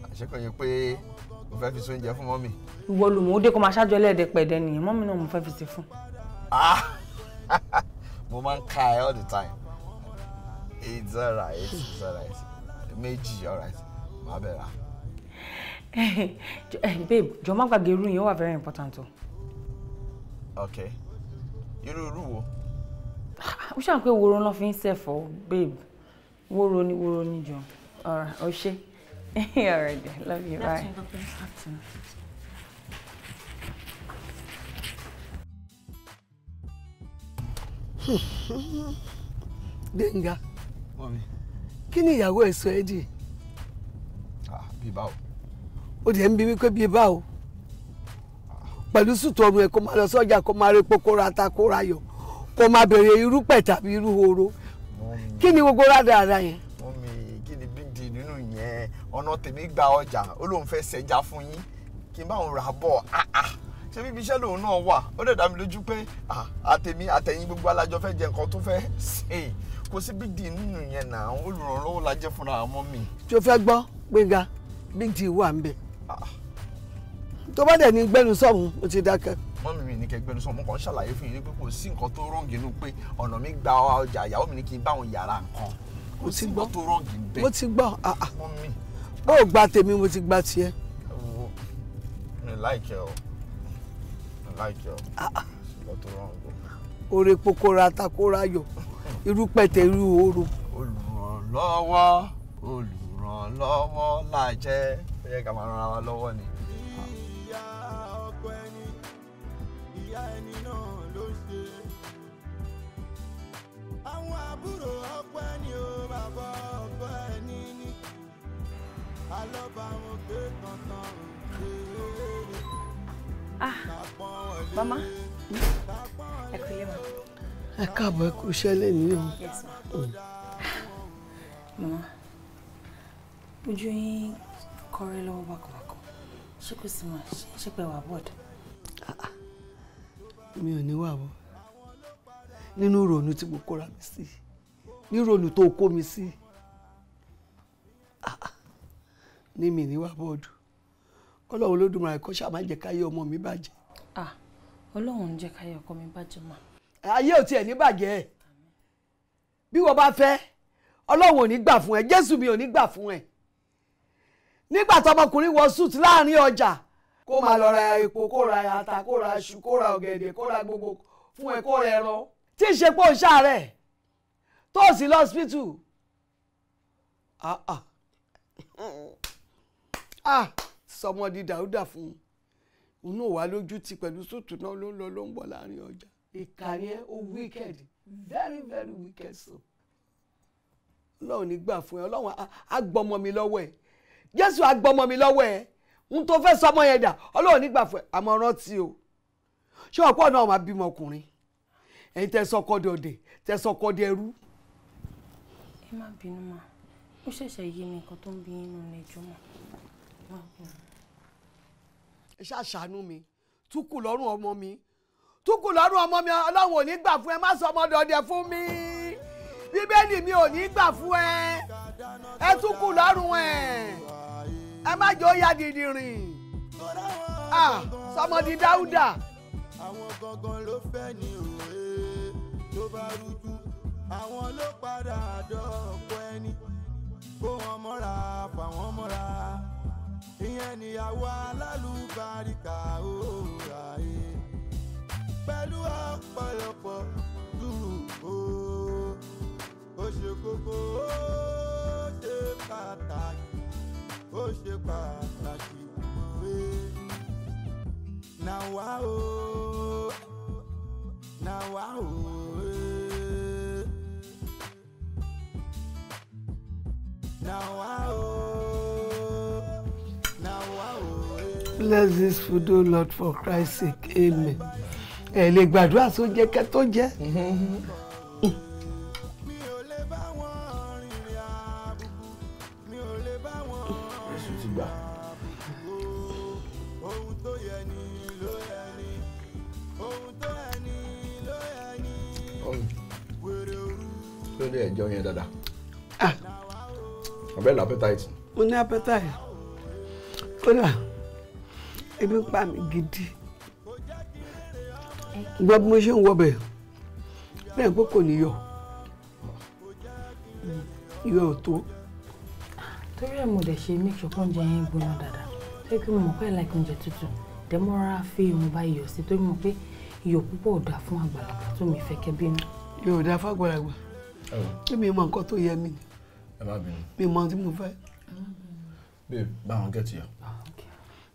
àṣekọ yẹn pé mo fẹ́ fi sóúnjẹ fún mọ́mì. ìwọ lù mọ́ ó dé kó máa ṣáájú ẹlẹ́ẹ̀dẹ́ pẹ̀dẹ́ nìyẹn mọ́mì náà mo fẹ́ fi ṣe fún. Ah! mo máa ń ka ẹ all the time it's alright it's alright méjì alright màá bẹ̀rẹ̀. babe jọ má gbàgbé irú yẹn ó wà very important o. Oh. okay iru irú wo. wish i woro ló fi ń for babe woro ni woro ni jọ alright love you bye. Gbénga kí ni ìyàwó ẹ̀ sọ ẹ́ bi bawo o. ó dẹ̀ ń mi pẹ̀lú sùtọ̀rù ẹ̀ kó máa lọ sọ́jà kó máa repo kó ra ata kó ra yọ̀ kó máa bèrè irú pẹ̀ tàbí irú horo kí ni gbogbo rádaràda yẹn. mọ́mí kí ni big deal nínú yẹn ọ̀nà tèmi gba ọjà ó lóun fẹ́ ṣẹja fún yín kí n bá òun rà bọ̀ áà ah, ah. ṣé bíbi iṣẹ́ lòun náà wà ó dẹ̀ dá mi lójú pé àtẹ̀mí àtẹ̀yìn gbogbo alájọ fẹ́ jẹ nǹkan tó fẹ́ ṣe kò sí big deal nínú yẹn náà olùrànlọ́wọ́ la jẹ́ fúnra mọ́mí. tí o fẹ́ gbọ́ gbẹ̀ngà big deal wà ń bẹ̀. Ah, tó bá dẹ̀ ní gbẹ́nu sọ̀hún ó ti dákẹ́. mọ́ mi mi ní kẹ́ gbẹ́nu sọ̀hún mo ṣàlàyé fún yín pé kò sí nǹkan tó rọ́ǹgì inú pé ọ̀nà mi gba ọjà ìyàwó mi ní kí n bá òun yàrá nǹkan kò sí nǹkan tó rọ́ǹgì bẹ́ẹ̀. mo ti gbọ́ ah, ah. mọ́ gba tèmi mo ti gba tiẹ̀. mi láìkẹ́ ọ mi láìkẹ́ ọ ah, nǹkan tó rọ́ǹgì. oore pokora takora yọ irú pẹ̀tẹ̀ ooru. olùrànlọ́wọ́ olùrànlọ́wọ́ lájẹ́ ó yẹ ká máa lọ́wọ́ ni. ìyá ẹni náà ló ṣe. àwọn àbúrò ọpẹ́ ni ó bàbá ọpẹ́ ẹni ní. alọ́ba wọn gbé kankan òkè ah mama ẹ kú ilé ma. ẹ káàbọ̀ ẹ kú iṣẹ́ lẹ́nu o. mama ojú yín kọrẹ lọ́wọ́ bákan bákan ṣé kò sí mọ́ ṣé pé wà bọ́ọ̀dù mi ò ní wà o nínú ìrònú tí mo kóra mi sí ní ìrònú tó kó mi sí ah, ní mi ní wà bọ́ọ̀dù ọlọ́run Olódùmarè kó ṣáà má jẹ́ káyé ọmọ mi bàjẹ́. Ah, ọlọ́run ń jẹ́ káyé ọkọ mi bàjẹ́ mà. ayé ò tiẹ̀ ní bàjẹ́ bí wọ́n bá fẹ́ ọlọ́run ò ní gbà fún ẹ jésù mi ò ní gbà fún ẹ nígbà tọmọkùnrin wọ suit láàrin ọjà kó máa lọ ra epo kó ra ata kó ra iṣu kó ra ọ̀gẹ̀dẹ̀ kó ra gbogbo fún ẹ kó ra ẹran tí ì ṣe pé òun ṣàárẹ̀ tó sì lọ hospital ah, ah. ah sọmọ di dàúdà fún un òun náà wà lójú ti pẹ̀lú sùtù náà ló ń lọ ló ń bọ̀ láàrin ọjà ìkàrí ẹ ó wicked very very wicked so ọlọ́run ní gbà fún ẹ ọlọ́run á gbọ́mọ mi lọ́wọ́ ẹ jésù á gbọ́mọ mi lọ́wọ́ ẹ n tó fẹ́ sọmọ yẹn dà ọlọ́run nígbà fún ẹ o ṣé ọ̀pọ̀ náà máa bímọ ọkùnrin ẹ̀yin tẹ́ sọkọ di ọ̀dẹ̀ tẹ́ sọkọ di ẹrú. ẹ má bínú mà ó ṣẹ̀ṣẹ̀ yé mi nǹkan tó ń bí inú rẹ̀ jọ mọ́. ẹ ṣàṣàánú mi túkù lọ́rùn ọmọ mi túkù lọ́rùn ọmọ mi ọlọ́run ò ní gbà fún ẹ má sọ ọmọdé ọdẹ fún mi bíbélì mi ò ní gbà fún ẹ ẹ túkù lọ́rùn ẹ ẹ má jẹ́ ó yá dìdì rìn ah, sọmọdé dáúdà. àwọn gangan ló fẹ́ ní òwe eh, tó bá rújú àwọn ló padà dọ́pọ̀ ẹni kó wọn mọ́ra fáwọn mọ́ra ìyẹn níyàwó alálùbáríkà òòrà ẹ eh. pẹ̀lú ọ̀pọ̀lọpọ̀ dùn ó oh. ó ṣe kókó ó ṣe pàtàkì ó ṣe pàtàkì òwe nàwa o nàwa o. Bless this food, O Lord, for Christ's sake. Amen. Ẹ lè gbàdúrà sóúnjẹ kẹ́ tó jẹ́. lè ẹjọ́ yẹn dáadáa. ọbẹ̀ ah. ní appetite. mo ní appetite kódà ebi ń pa mi gidi gbọ́ bí mo ṣe ń wọbẹ̀ bẹ́ẹ̀ pé kò ní yọ yọ ò tó. torí ẹ̀ mo dẹ̀ ṣe make sure kóúnjẹ yẹn gbóná dáadáa ṣé kí mo mọ̀ pé láìkí oúnjẹ tútù dẹ́mọ́ra fi ìwọ̀n bá iyọ̀ sí torí mo pé iyọ̀ púpọ̀ ò dáa fún àgbàlagbà tó mi fẹ́ kẹ́ bínú. iyọ̀ ò dáa fún àgbàlagbà kí mi mọ nǹkan tó yẹ mi mi mọ tí mo fẹ́. babe báwọn gẹ̀ẹ́tì ah, yọ.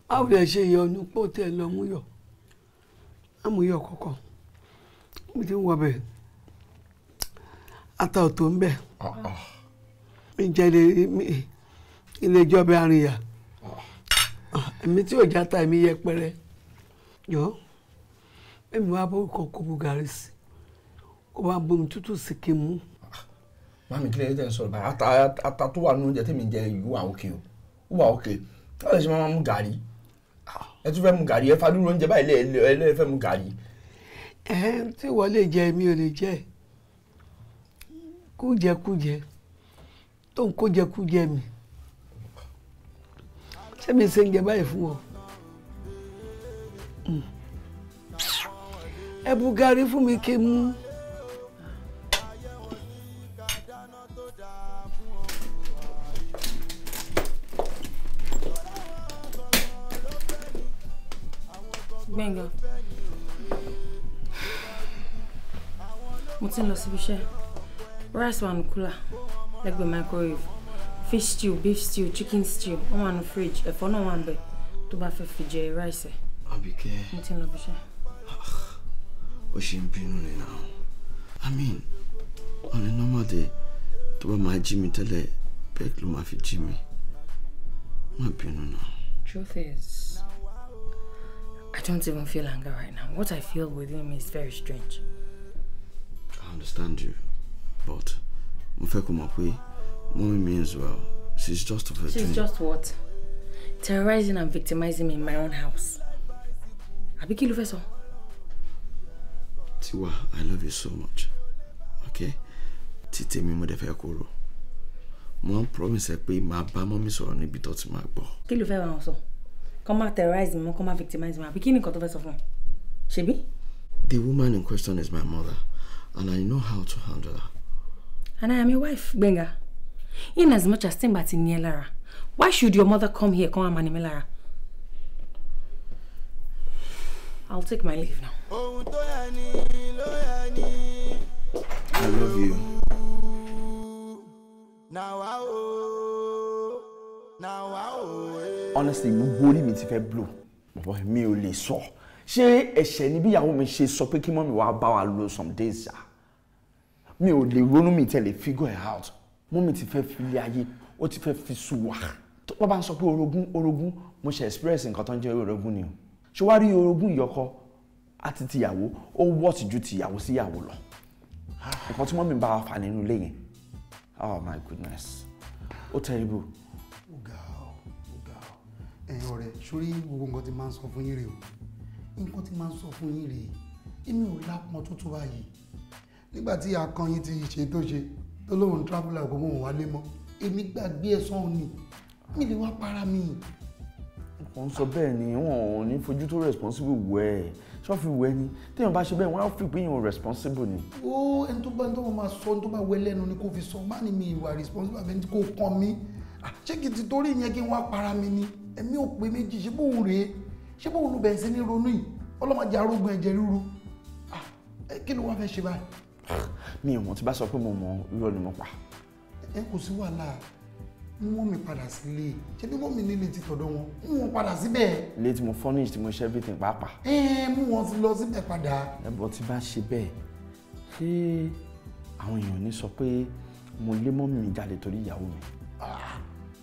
báwo lè ṣe ìyọnu pò tẹ lọ mú yọ àmú yọ kọ̀ọ̀kan mi ti ń wọ bẹ̀ ata ò ń bẹ̀ ah, ah. mi jẹ́ ilé ìjọba àríyá èmi tí ò játa èmi yẹpẹrẹ yọ èmi wá bó kọ kó bu gàrí sí kó bá bomi tútù sí kí n mú mami kílẹ̀ tẹ̀ ń sọ̀rọ̀ báyìí ata ata tó wà nínú oúnjẹ tẹ̀mí jẹ ìlú wa òkè o ó wà òkè káwọn ẹ̀sìn máa mú gàrí ẹ tún fẹ́ mu gàrí ẹ fadúró oúnjẹ báyìí lẹ́ẹ̀ fẹ́ mu gàrí. ẹ tí wọ́n lè jẹ mi ò lè jẹ kújẹkújẹ tó ń kójẹkújẹ mi ṣé mi ṣe ń jẹ báyìí fún ọ hmm. ẹ bu gàrí fún mi kí n mú. Gbẹ̀ngà mo ti ń lọ síbi iṣẹ́ rice one ní kúlà lẹ́gbẹ̀ẹ́ microwave fish stew beef stew chicken stew wọ́n wà ní fridge ẹ̀fọ́ náà wà ń bẹ̀ tó bá fẹ́ fi jẹ rice ẹ̀. Àbíkẹ́ mo ti ń lọ síbi iṣẹ́. ó ṣe ń bínú ni náà I mean on a normal day tó bá máa jí mi tẹ́lẹ̀ bẹ́ẹ̀ ló máa fi jí mi má bínú náà. truth is I don't even feel anger right now. What I feel within me is very strange. I understand you, but Mapui, mommy means well. She's just a victim. She's just what? Terrorizing and victimizing me in my own house. Abiki Lufeso. Tiwa, I love you so much. Okay? Títí mi mo dẹ̀ fẹ́ kúrò. Mo ń promise ẹ pé màá bá mọ́mí sọ̀rọ̀ níbi tó ti máa gbọ́. Kí ló fẹ́ bá wọn kọ́ máa terrorize mi mọ́ kọ́ máa victimize mi àbí kí ni nǹkan tó fẹ́ sọ fún ẹ ṣebí. The woman in question is my mother and I know how to handle her. And I am your wife, Gbenga. In as much as Timba ti ní ẹ lára, why should your mother come here come wá máa ní mi lára? I'll take my leave now. I love you. Now I owe. Oh, now I owe. Oh honestly gbogbo orí mi ti fẹ́ blow bàbá mi ò lè sọ ṣé ẹ̀ṣẹ̀ ni bí ìyàwó mi ṣe sọ pé kí mọ́mi wá bá wa lò some days ṣá mi ò lè ronú mi tẹ̀lé figure it out mọ́mi ti fẹ́ fi ilé ayé ó ti fẹ́ fi sùn wá tó bá bá ń sọ pé orogún orogún mo ṣe express nǹkan tó ń jẹ́ orogún ni o ṣé wàá rí orogún ìyọkọ àti tìyàwó ó wọ́ọ̀tì ju tìyàwó síyàwó lọ nǹkan tí mọ́mi bá wa fà nínú ilé yẹn oh my goodness ó terrible. Oh God ẹ̀yin ọ̀rẹ́ sórí gbogbo nǹkan tí máa ń sọ fún yín rèé o nǹkan tí máa ń sọ fún yín rèé èmi ò lápọn tó tó báyìí nígbà tí akọyin ti ṣe tó ṣe tó lóun traveler kò mọ̀ wálé mọ́ èmi gbàgbé ẹ̀sán òní mi lè wá para mi. wọ́n ń sọ bẹ́ẹ̀ ni wọ́n ò ní fojú tó responsible wẹ̀ ẹ́ ṣọ́ọ̀fì wẹ̀ ni téèyàn bá ṣe bẹ́ẹ̀ wọ́n á fi pé èèyàn responsible ni. ó ẹni tó bá ń tọ́wọ́ máa sọ ẹni tó bá wẹ lẹ́nu ni kò fi sọ má ní mi ìwà responsible àbẹ́ni kò kàn mí ah, ṣé kìtì torí ìyẹn kí n wá para mi ni ẹ̀mí ò pé méjì ṣé bóun rèé ṣé bóun ló bẹ̀rẹ̀ sí ní ronú yìí ọlọ́mọdé arógun ẹ̀jẹ̀ ríru ah, kí ló wá fẹ́ ṣe báyìí. Ah, mi ò mọ̀ tí bá sọ pé mo mọ̀ irọ́ ni mo pa. ẹ kò sí wàhálà mú wọn mi padà sílé ṣé bí wọn mi nílé ti tọ̀dọ̀ wọn mú wọn padà síbẹ̀. ilé tí mo furnish tí mo ṣe everything pàápàá. ẹ mú wọn lọ síbẹ̀ padà. ẹbọ tí bá ṣe bẹ́ẹ̀ ṣé àwọn èèyàn ní sọ pé mo lé mọ́ mi jáde torí ìyàwó mi. Ah,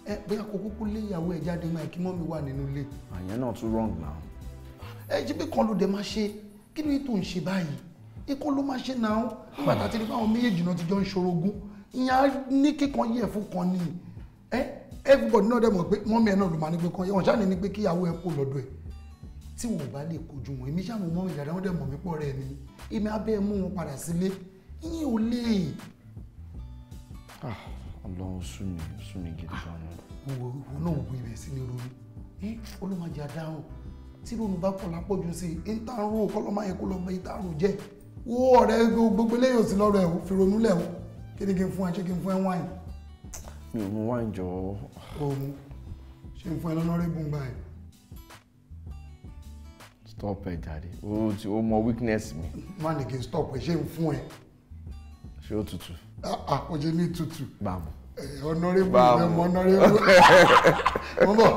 ẹ bóyá kò kúkú lé ìyàwó ẹ jáde máa kí mọ́mí wà nínú ilé. àyẹn náà tún wrong now. ẹ jí bí kan ló dé máa ṣe kí ni tó ń ṣe báyìí ikú ló máa ṣe náà nígbà tá a ti rí báwọn méjèèjì náà ti jọ ń ṣorogún ìyá ní kíkan yẹ fún kan ni ẹ everybody náà dẹ̀ mọ̀ pé mọ́mí ẹ náà ló máa ní pé kan wọn ṣáà ní ní pé kí ìyàwó ẹ kó lọ́dọ̀ ẹ̀ tí wọn ò bá lè kojú wọn èmi ṣáà mo mọ ìdàdà wọn dẹ̀ mọ̀ mí pọ̀ rẹ̀ ni èmi abẹ́ mú wọn padà sílé ìyẹn ò lè. Ah ọlọ́run sú mi sú mi gidi gan ni. Ah, wo wo náà wo ibẹ̀ sí ni ronú ẹ adáhùn tí ronú bá pọ̀ lápọ̀jù sí i ń tàn rò kọ́lọ́mọ yẹn kó lọ́mọ ìtàrò jẹ́ wo ọ̀rẹ́ gbogbo eléyìí ò sí lọ́rọ̀ ẹ̀ fi ronú lẹ̀ o kí ni kí n fún ẹ ṣé kí n fún ẹ wáìn. mi ò mu wáìn jọ. òun ṣe ń fún ẹ lọ́nà rẹ́bùn báyìí stop ẹ jàre o ti o mọ weakness mi. má ní kí n stop ẹ ṣé n fún ẹ. ṣé ó tutù kò ah, ah, ní tutù ọ̀nàrẹ́bù rẹ mọ ọ̀nàrẹ́bù mọ bọ̀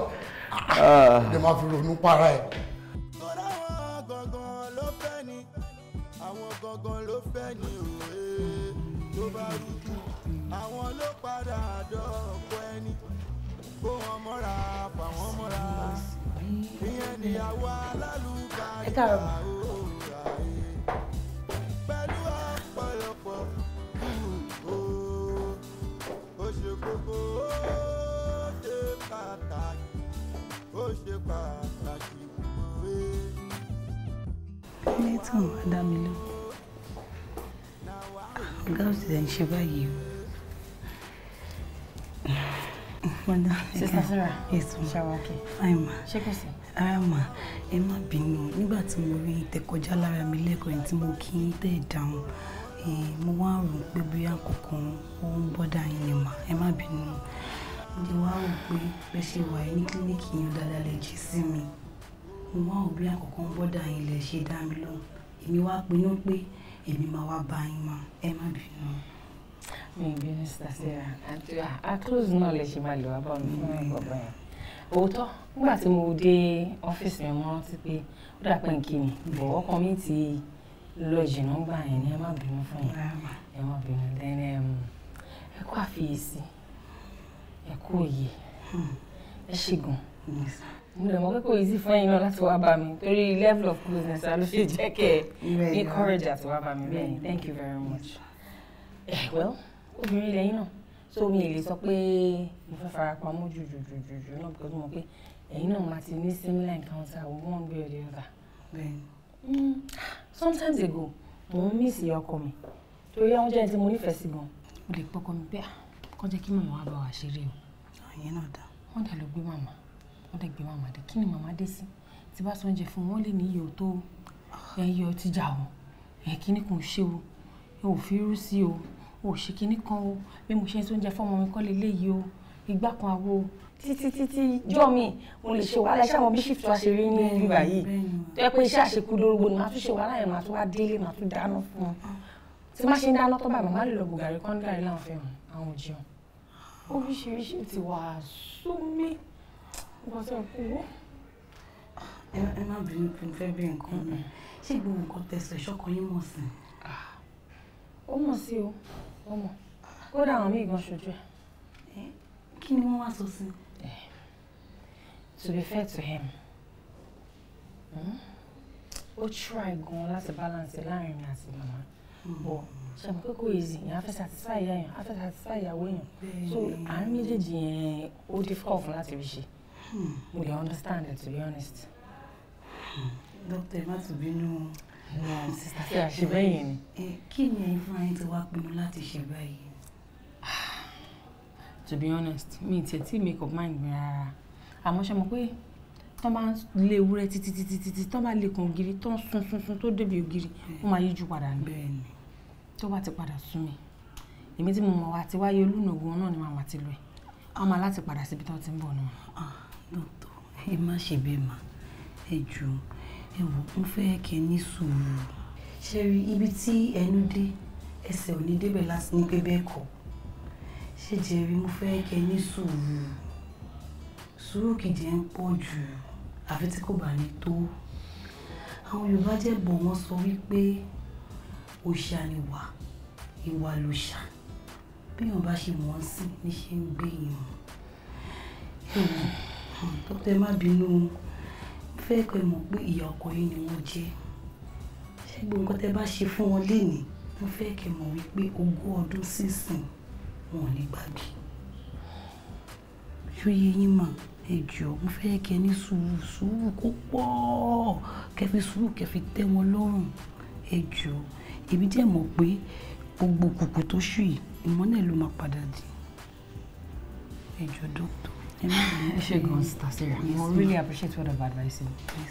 ẹ máa fi ronú para ẹ. tọ́lá àwọn pàtàkì pé. kílé tí wọn bá dá mi lóhùn ọgá ò yes, Shawaki. Fine, ma. Ṣé kò sí? Ara ma, ẹ má bínú nígbà tí mo rí ìtẹ̀kọjá lára mi lẹ́kọ̀ọ́ tí mo kí ń tẹ̀ dáhùn eh, mo wá rò pé bóyá kankan ó ń bọ́dà yín ni mà ẹ má bínú mo jẹ́ wá rò pé bẹ́ẹ̀ ṣe wà ní kílíníkì yẹn dáadáa lè jí sí mi mo wá òbí àkọ́kọ́ ń bọ́dà yín lè ṣe dá mi lóhùn èmi wá pinnu pé èmi máa wá bá yín mọ ẹ má bínú. mi bínú sísàsíra àti àclose náà lè ṣe máa lè wá bá mi fún ẹ̀kọ́ báyìí òótọ́ nígbà tí mo dé ọ́fíìsì mi mo rántí pé ó dà pé nkí mi bọ̀ ọkọ mi ti lọ jìnnà gbà yẹn ni ẹ má bínú fún yẹn ẹ má bínú lẹ́nu um, ẹ kó àfiyèsí ẹ kú òye hmm. ẹ ṣe gan mo dẹ̀ mọ̀ pé kò easy fún ẹ̀yin náà láti wá bá mi torí level of closeness ló ṣe jẹ́ kẹ́ ẹ courage àti wá bá mi bẹ́ẹ̀ thank you very much. ẹ eh, well obìnrin lẹ́yìn náà so mi lè sọ pé mo fẹ́ fara pamọ́ jù jù jù jù jù náà because mo mọ̀ pé ẹ̀yin náà máa ti ní similar encounter one way or the other. Hmm. sometimes ago mo ń miss ìyá ọkọ mi torí àwọn jẹ́ ẹni tí mo nífẹ̀ẹ́ sí gan mo lè pọkàn mi pé ah, kàn jẹ́ kí màmá wa bá wa ṣeré o. àyè náà dá. wọ́n dà ló gbé màmá wọ́n dẹ̀ gbé màmá dé kí ni màmá dé sí tí bá sọ́njẹ fún wọn lè ní iye tó ah. ẹyẹ ọtí jà o ẹ̀ kíní kan ṣe o ẹ ò fi rú sí o ò ṣe kíní kan o bí mo ṣe ń sọ́njẹ fún ọmọ mi kọ́ lélẹ́yìí o ìgbà kan àwo títí títí jọ mi mo lè ṣe wàhálà iṣẹ́ àwọn bíṣìfì tó a ṣe rí ní ibà yìí tó yẹ pé iṣẹ́ àṣekúdórógbò ni màá tún ṣe wàhálà yẹn màá tún wá délé màá tún dáná fún wọn ah. tí má ṣe ń dáná tó báyìí màmá lè lọ bùgàrí kọ́ńdà rí láwọn fẹ́ràn àwọn òjìyàn oríṣiríṣi ti wà súnmí bọ́sẹ̀ kú. ẹ má bínú pé n fẹ́ bí nǹkan ṣé gbogbo nǹkan tẹ̀sán ṣọ́kan yín mọ̀ sí. ó mọ̀ sí o ó mọ̀ kódà àwọn míì gan ṣojú ẹ. kí ni wọ́n wá sọ sí. to be fair to him hmm, ó try gan láti balance láàrin mi àti màmá hmm. bọ́ ṣe mọ̀ pé kò easy yẹn afẹ́ satisfy ìyá yẹn afẹ́ satisfy ìyàwó yẹn so àárín méjèèjì yẹn ó difficult fún láti fi ṣe hmm. mo dey understand it to be honest. Hmm. dókítà ẹ má tún bínú sísá sí àṣebẹ́yìn ni. kí ni ẹ̀yin fúnra yín ti wá pinnu láti ṣe báyìí. to be honest mi ì tiẹ̀ tí make up mind mi rárá àmọ́ ṣe mọ̀ pé tọ́ bá lé ewúrẹ́ títí títí títí tọ́ bá lè kàn ògiri tọ́ sun sun sun tó débi ògiri ó máa yíjú padà ní tó bá ti padà sún mi èmi tí mo mọ̀ wá ti wáyé olùnàwó náà ni màmá ti lọ ẹ̀ ọmọ láti padà síbi tó ti ń bọ̀ náà. dókítà ẹ má ṣe bẹ́ẹ̀ mà ẹ jù ẹ wò ó fẹ́ kí ẹ ní sùúrù. ṣe rí ibi tí ẹnu dé ẹsẹ̀ ò ní débẹ̀ láti ní pé bẹ́ẹ̀ kọ́ ṣe jẹ́rí mo fẹ́ kí ẹ ní sùúrù sùúrù kìdí ẹ ń pọ̀ jù àfi tí kò bá ní tó àwọn Yorùbá jẹ́ bọ̀ wọ́n sọ wípé òṣà ni wà ìwà lòṣà bíyàn bá ṣe wọ́n sí ní ṣe ń gbé yàn dókítà má bínú fẹ́ pé mọ̀ pé ìyá ọkọ yìí ni wọ́n jẹ́ ṣé nǹkan tẹ́ bá ṣe fún wọn lénìí mo fẹ́ kẹ́ mọ̀ wípé ogún ọdún sísìn wọn ò ní gbàgbé ṣóyè yín mà ẹ jọ mo fẹ́ kẹ́ ní sùúrù sùúrù kó pọ̀ kẹ́ fi sùúrù kẹ́ fi tẹ́ wọn lọ́rùn ẹ jọ èmi dẹ̀ mọ̀ pé gbogbo kùkù tó ṣù yìí ìmọ́lẹ̀ ló máa padà di ẹjọ́ dókítà. ẹ ṣe gan star sarah mo really appreciate word of advice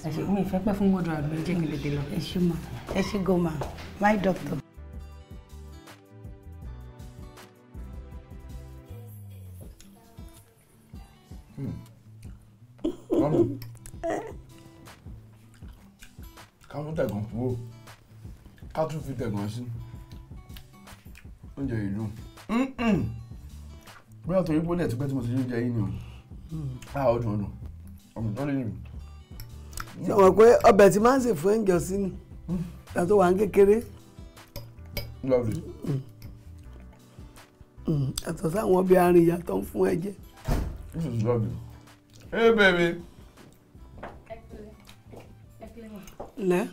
ẹ ṣe mi ìfẹ́ pẹ́ fún word of advice jẹ́ kí n lè lọ. ẹ ṣe ma ẹ ṣe gan ma my doctor. tẹ̀gàn sí oúnjẹ ìlú bóyá torí pé ó lẹ̀ tipẹ́ tí mo ti jẹ́ yín ni o a ò dùn ọdún ọmọ ìtọ́lẹ̀ yìí. ṣé wọn pé ọbẹ̀ tí máa ń sè fún ẹ̀ǹjọ́ sí ni tàtó wà kékeré. lovely. yàtọ̀ sáwọn ọbẹ̀ arìnrìn tó ń fún ẹ jẹ. this is lovely. hey baby. lẹ́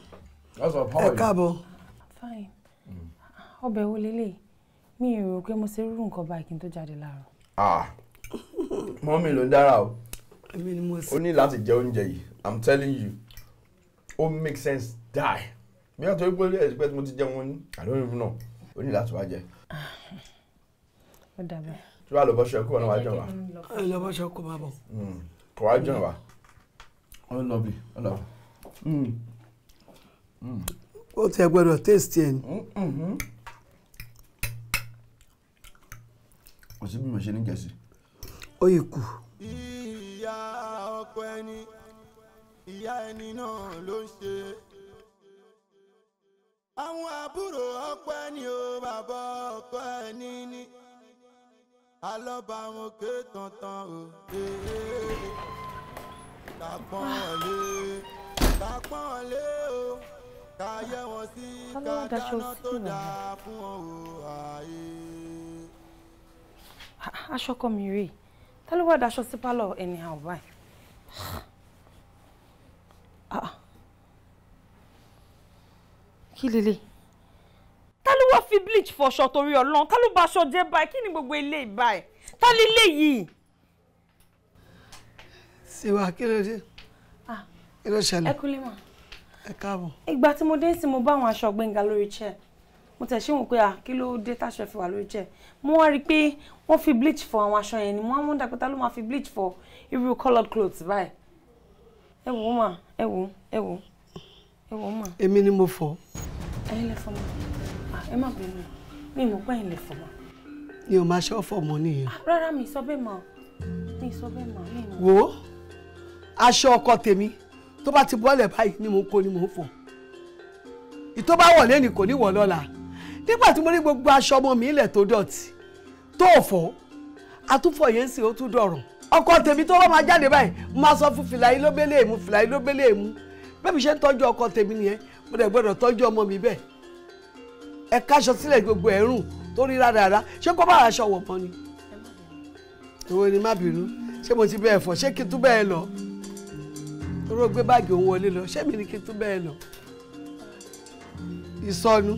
ẹ káàbọ̀ fine ọbẹ̀ wo lélẹ̀ mi ò rò pé mo ṣe rú nǹkan báyìí kí n tó jáde láàárọ̀. Ah, mọ́ mi ló ń dára o ó ní láti jẹ oúnjẹ yìí i'm telling you ó make sense die mi ò tó gbé lórí ẹ̀sìn pé mo ti jẹun ní àdóhùn ìfúnà ó ní láti wá jẹ. tí wàá lọ bọ́ṣọ ẹkú ọ̀nà wàá jẹun wa. ó lọ bọ́ṣọ ẹkú máa bọ̀. Hmm, kò wá jẹun wa. ó lọ bí ó ó ti ẹgbẹ́rọ taste ẹ̀ ni. Mm, mm-hmm. kò sí bí mo ṣe ní jẹ̀sí. ó yìí kù. ìyá ọkọ ẹni ìyá ẹni náà ló ń ṣe àwọn àbúrò ọkọ ẹni o bàbá ọkọ ẹni ni alọba àwọn òkè tọ̀ntàn o tàpọ̀n lé tàpọ̀n o káyé wọn sí ká dáná tó dáa fún òun ààyè. aṣọ kọ́ mi rèé ta ló wá daṣọ sí pálọ̀ ẹni àwọn báyìí. kí lélẹ̀ ta ló wá fi bleach fọṣọ torí ọlọ́run ta ló bá aṣọ jẹ́ báyìí kí ni gbogbo ilé ìbáyìí ta lè léyìí. ṣèwà kí ló dé kí ló ṣẹlẹ̀. ẹ kúlẹ̀ mọ́ ẹ káàbọ̀. ìgbà tí mo dé sí mo bá àwọn aṣọ Gbẹ́ngà lórí chair mo tẹ̀ ṣe wọn pé à kí ló dé táṣọ fi wà lórí chair mo wá rí i pé wọ́n fi bleach fọ àwọn aṣọ yẹn ni mo wọ́n dà pé ta ló máa fi bleach fọ irú coloured clothes báyìí ẹ wò ó mà ẹ wò ó ẹ wò ó ẹ wò ó mà. èmi ni mo fọ. ẹ̀yin lè fọ mọ ẹ má bínú mi ò mọ pé ẹ̀yin lè fọ mọ. mi ò máa ṣe ọ̀fọ̀ mọ́ nìyẹn. rárá mi sọ bẹ́ẹ̀ mọ́ mi sọ bẹ́ẹ̀ mọ́ mi. wo aṣọ ọkọ tèmi tó bá ti bọ́lẹ̀ báyìí ni mò ń kó ni mò ń fọ̀ ìtọ́ bá wọ̀ lẹ́nìí kò ní wọ̀ lọ́la nígbà tí mo rí gbogbo aṣọ ọmọ mi ilẹ̀ tó dọ̀tí tó fọ́ àtúfọ̀ yẹn sì ó tún dọ̀rọ̀ ọkọ tèmi tó bá máa jáde báyìí mo máa sọ fún fìlà yìí ló gbélé èmu fìlà yìí ló gbélé èmu bẹ́ẹ̀ mi ṣe ń tọ́jú ọkọ tèmi nìyẹn mo dẹ̀ gbọ́dọ̀ tọ́jú ọmọ mi bẹ́ẹ̀ ẹ káṣọ sílẹ̀ gbogbo ẹ̀rùn tó rí rárára ṣé kó bá aṣọ wọ̀ mọ́ ni òwe ni má bínú ṣé mo ti bẹ́ẹ̀ fọ̀ ṣé kí n tún bẹ́ẹ̀ lọ toró gbé báàgì òun wọlé lọ ṣé mi ni kí n tún bẹ́ẹ̀ lọ ìsọnù.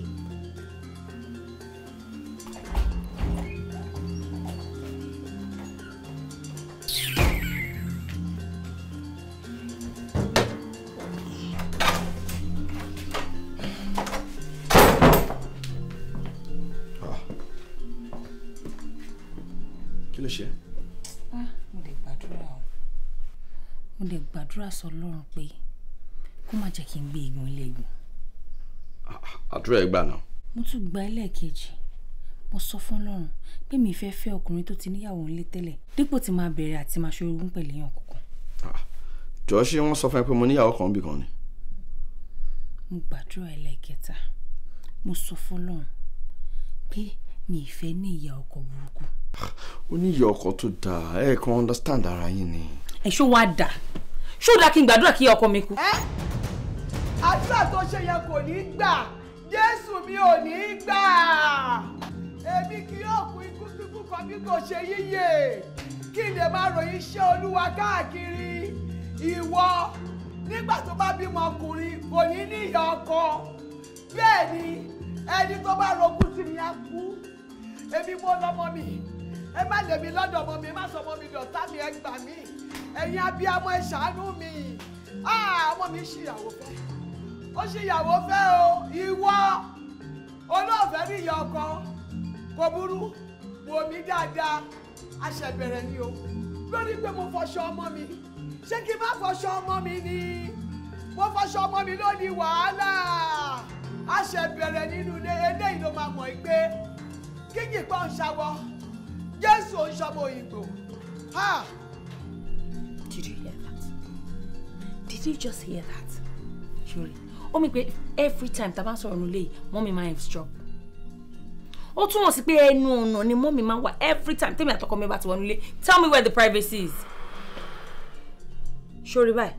gbàdúrà sọ lọ́run pé kó má jẹ́ kí n gbé igun ilé igun. àdúrà ẹ gbà náà. mo tún gba ẹlẹ́ẹ̀kejì mo sọ fún ọlọ́run pé mi fẹ́ fẹ́ ọkùnrin tó ti níyàwó ńlé tẹ́lẹ̀ dípò tí máa bẹ̀rẹ̀ àti máa ṣorogún pẹ̀lú èèyàn kankan. Ah, jọ ṣé wọ́n sọ fún ẹ pé mo níyàwó kan bì kan ni. mo gbàdúrà ẹlẹ́ẹ̀kẹta mo sọ fún ọlọ́run pé mi ì ní ìyá ọkọ burúkú. Ah, ó ní ìyá ọkọ tó dáa ẹ understand ara yín ni. ẹ̀ṣọ́ wa dà ṣó dáa kí n gbàdúrà kí ọkọ mi kú. ẹ àdúrà tó ṣe yẹn kò ní gbà jésù mi ò ní gbà èmi kì yóò kú ikú kíkú kan bí kò ṣe yíyè kí n lè máa ròyìn iṣẹ́ olúwa káàkiri ìwọ nígbà tó bá bímọ ọkùnrin kò ní ní ìyá ọkọ bẹ́ẹ̀ ni ẹni tó bá rogún sí mi á kú èmi mo lọ́mọ mi ẹ má lèmi lọ́dọ̀ ọmọ mi ẹ má sọ ọmọ mi dọ̀tá mi ẹ gbà mí ẹ̀yin abiyamọ ẹ ṣàánú mi ah, ọmọ mi ṣìyàwó fẹ́ ó ṣìyàwó fẹ́ o ìwọ olóòfẹ́ ní ìyá ọkọ kò burú wò mí dáadáa aṣẹ̀bẹ̀rẹ̀ ni o lórí pé mo fọṣọ ọmọ mi ṣé kí n má fọṣọ ọmọ mi ni mo fọṣọ ọmọ mi ló di wàhálà aṣẹ̀bẹ̀rẹ̀ nínú ilé eléyìí ló máa mọ̀ pé kíkì pọ́n ṣàwọ̀ Jésù ń ṣọmọ òyìnbó. Did you just hear that? Surely. Oh mi pé every time tá a Mommy ń have nílé yìí, mọ́mí máa eavesdrop. Ó no, no. pé ẹnu ọ̀nà ni mọ́mí máa wà every time tèmi àtọkọ mi bá ti wọnú ilé. Tell me where the privacy is. Sori Why?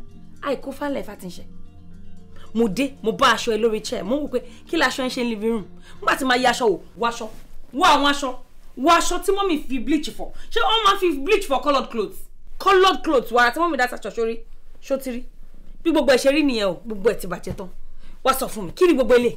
I fálẹ̀ ifá life, ń ṣe. Mo dé, mo bá aṣọ ẹ lórí chair, mo wò pé kí laṣọ ẹ living room. Nígbà my máa wash off, wò, wọ aṣọ, wọ àwọn aṣọ, wọ aṣọ bleach for. She wọ́n máa fi bleach for colored clothes? Colored clothes Why, tí mọ́mí dá sàṣọ sórí, ṣó bí gbogbo ẹ ṣe rí nìyẹn o gbogbo ẹ ti bàjẹ́ tán wá sọ fún mi kí ni gbogbo ilé.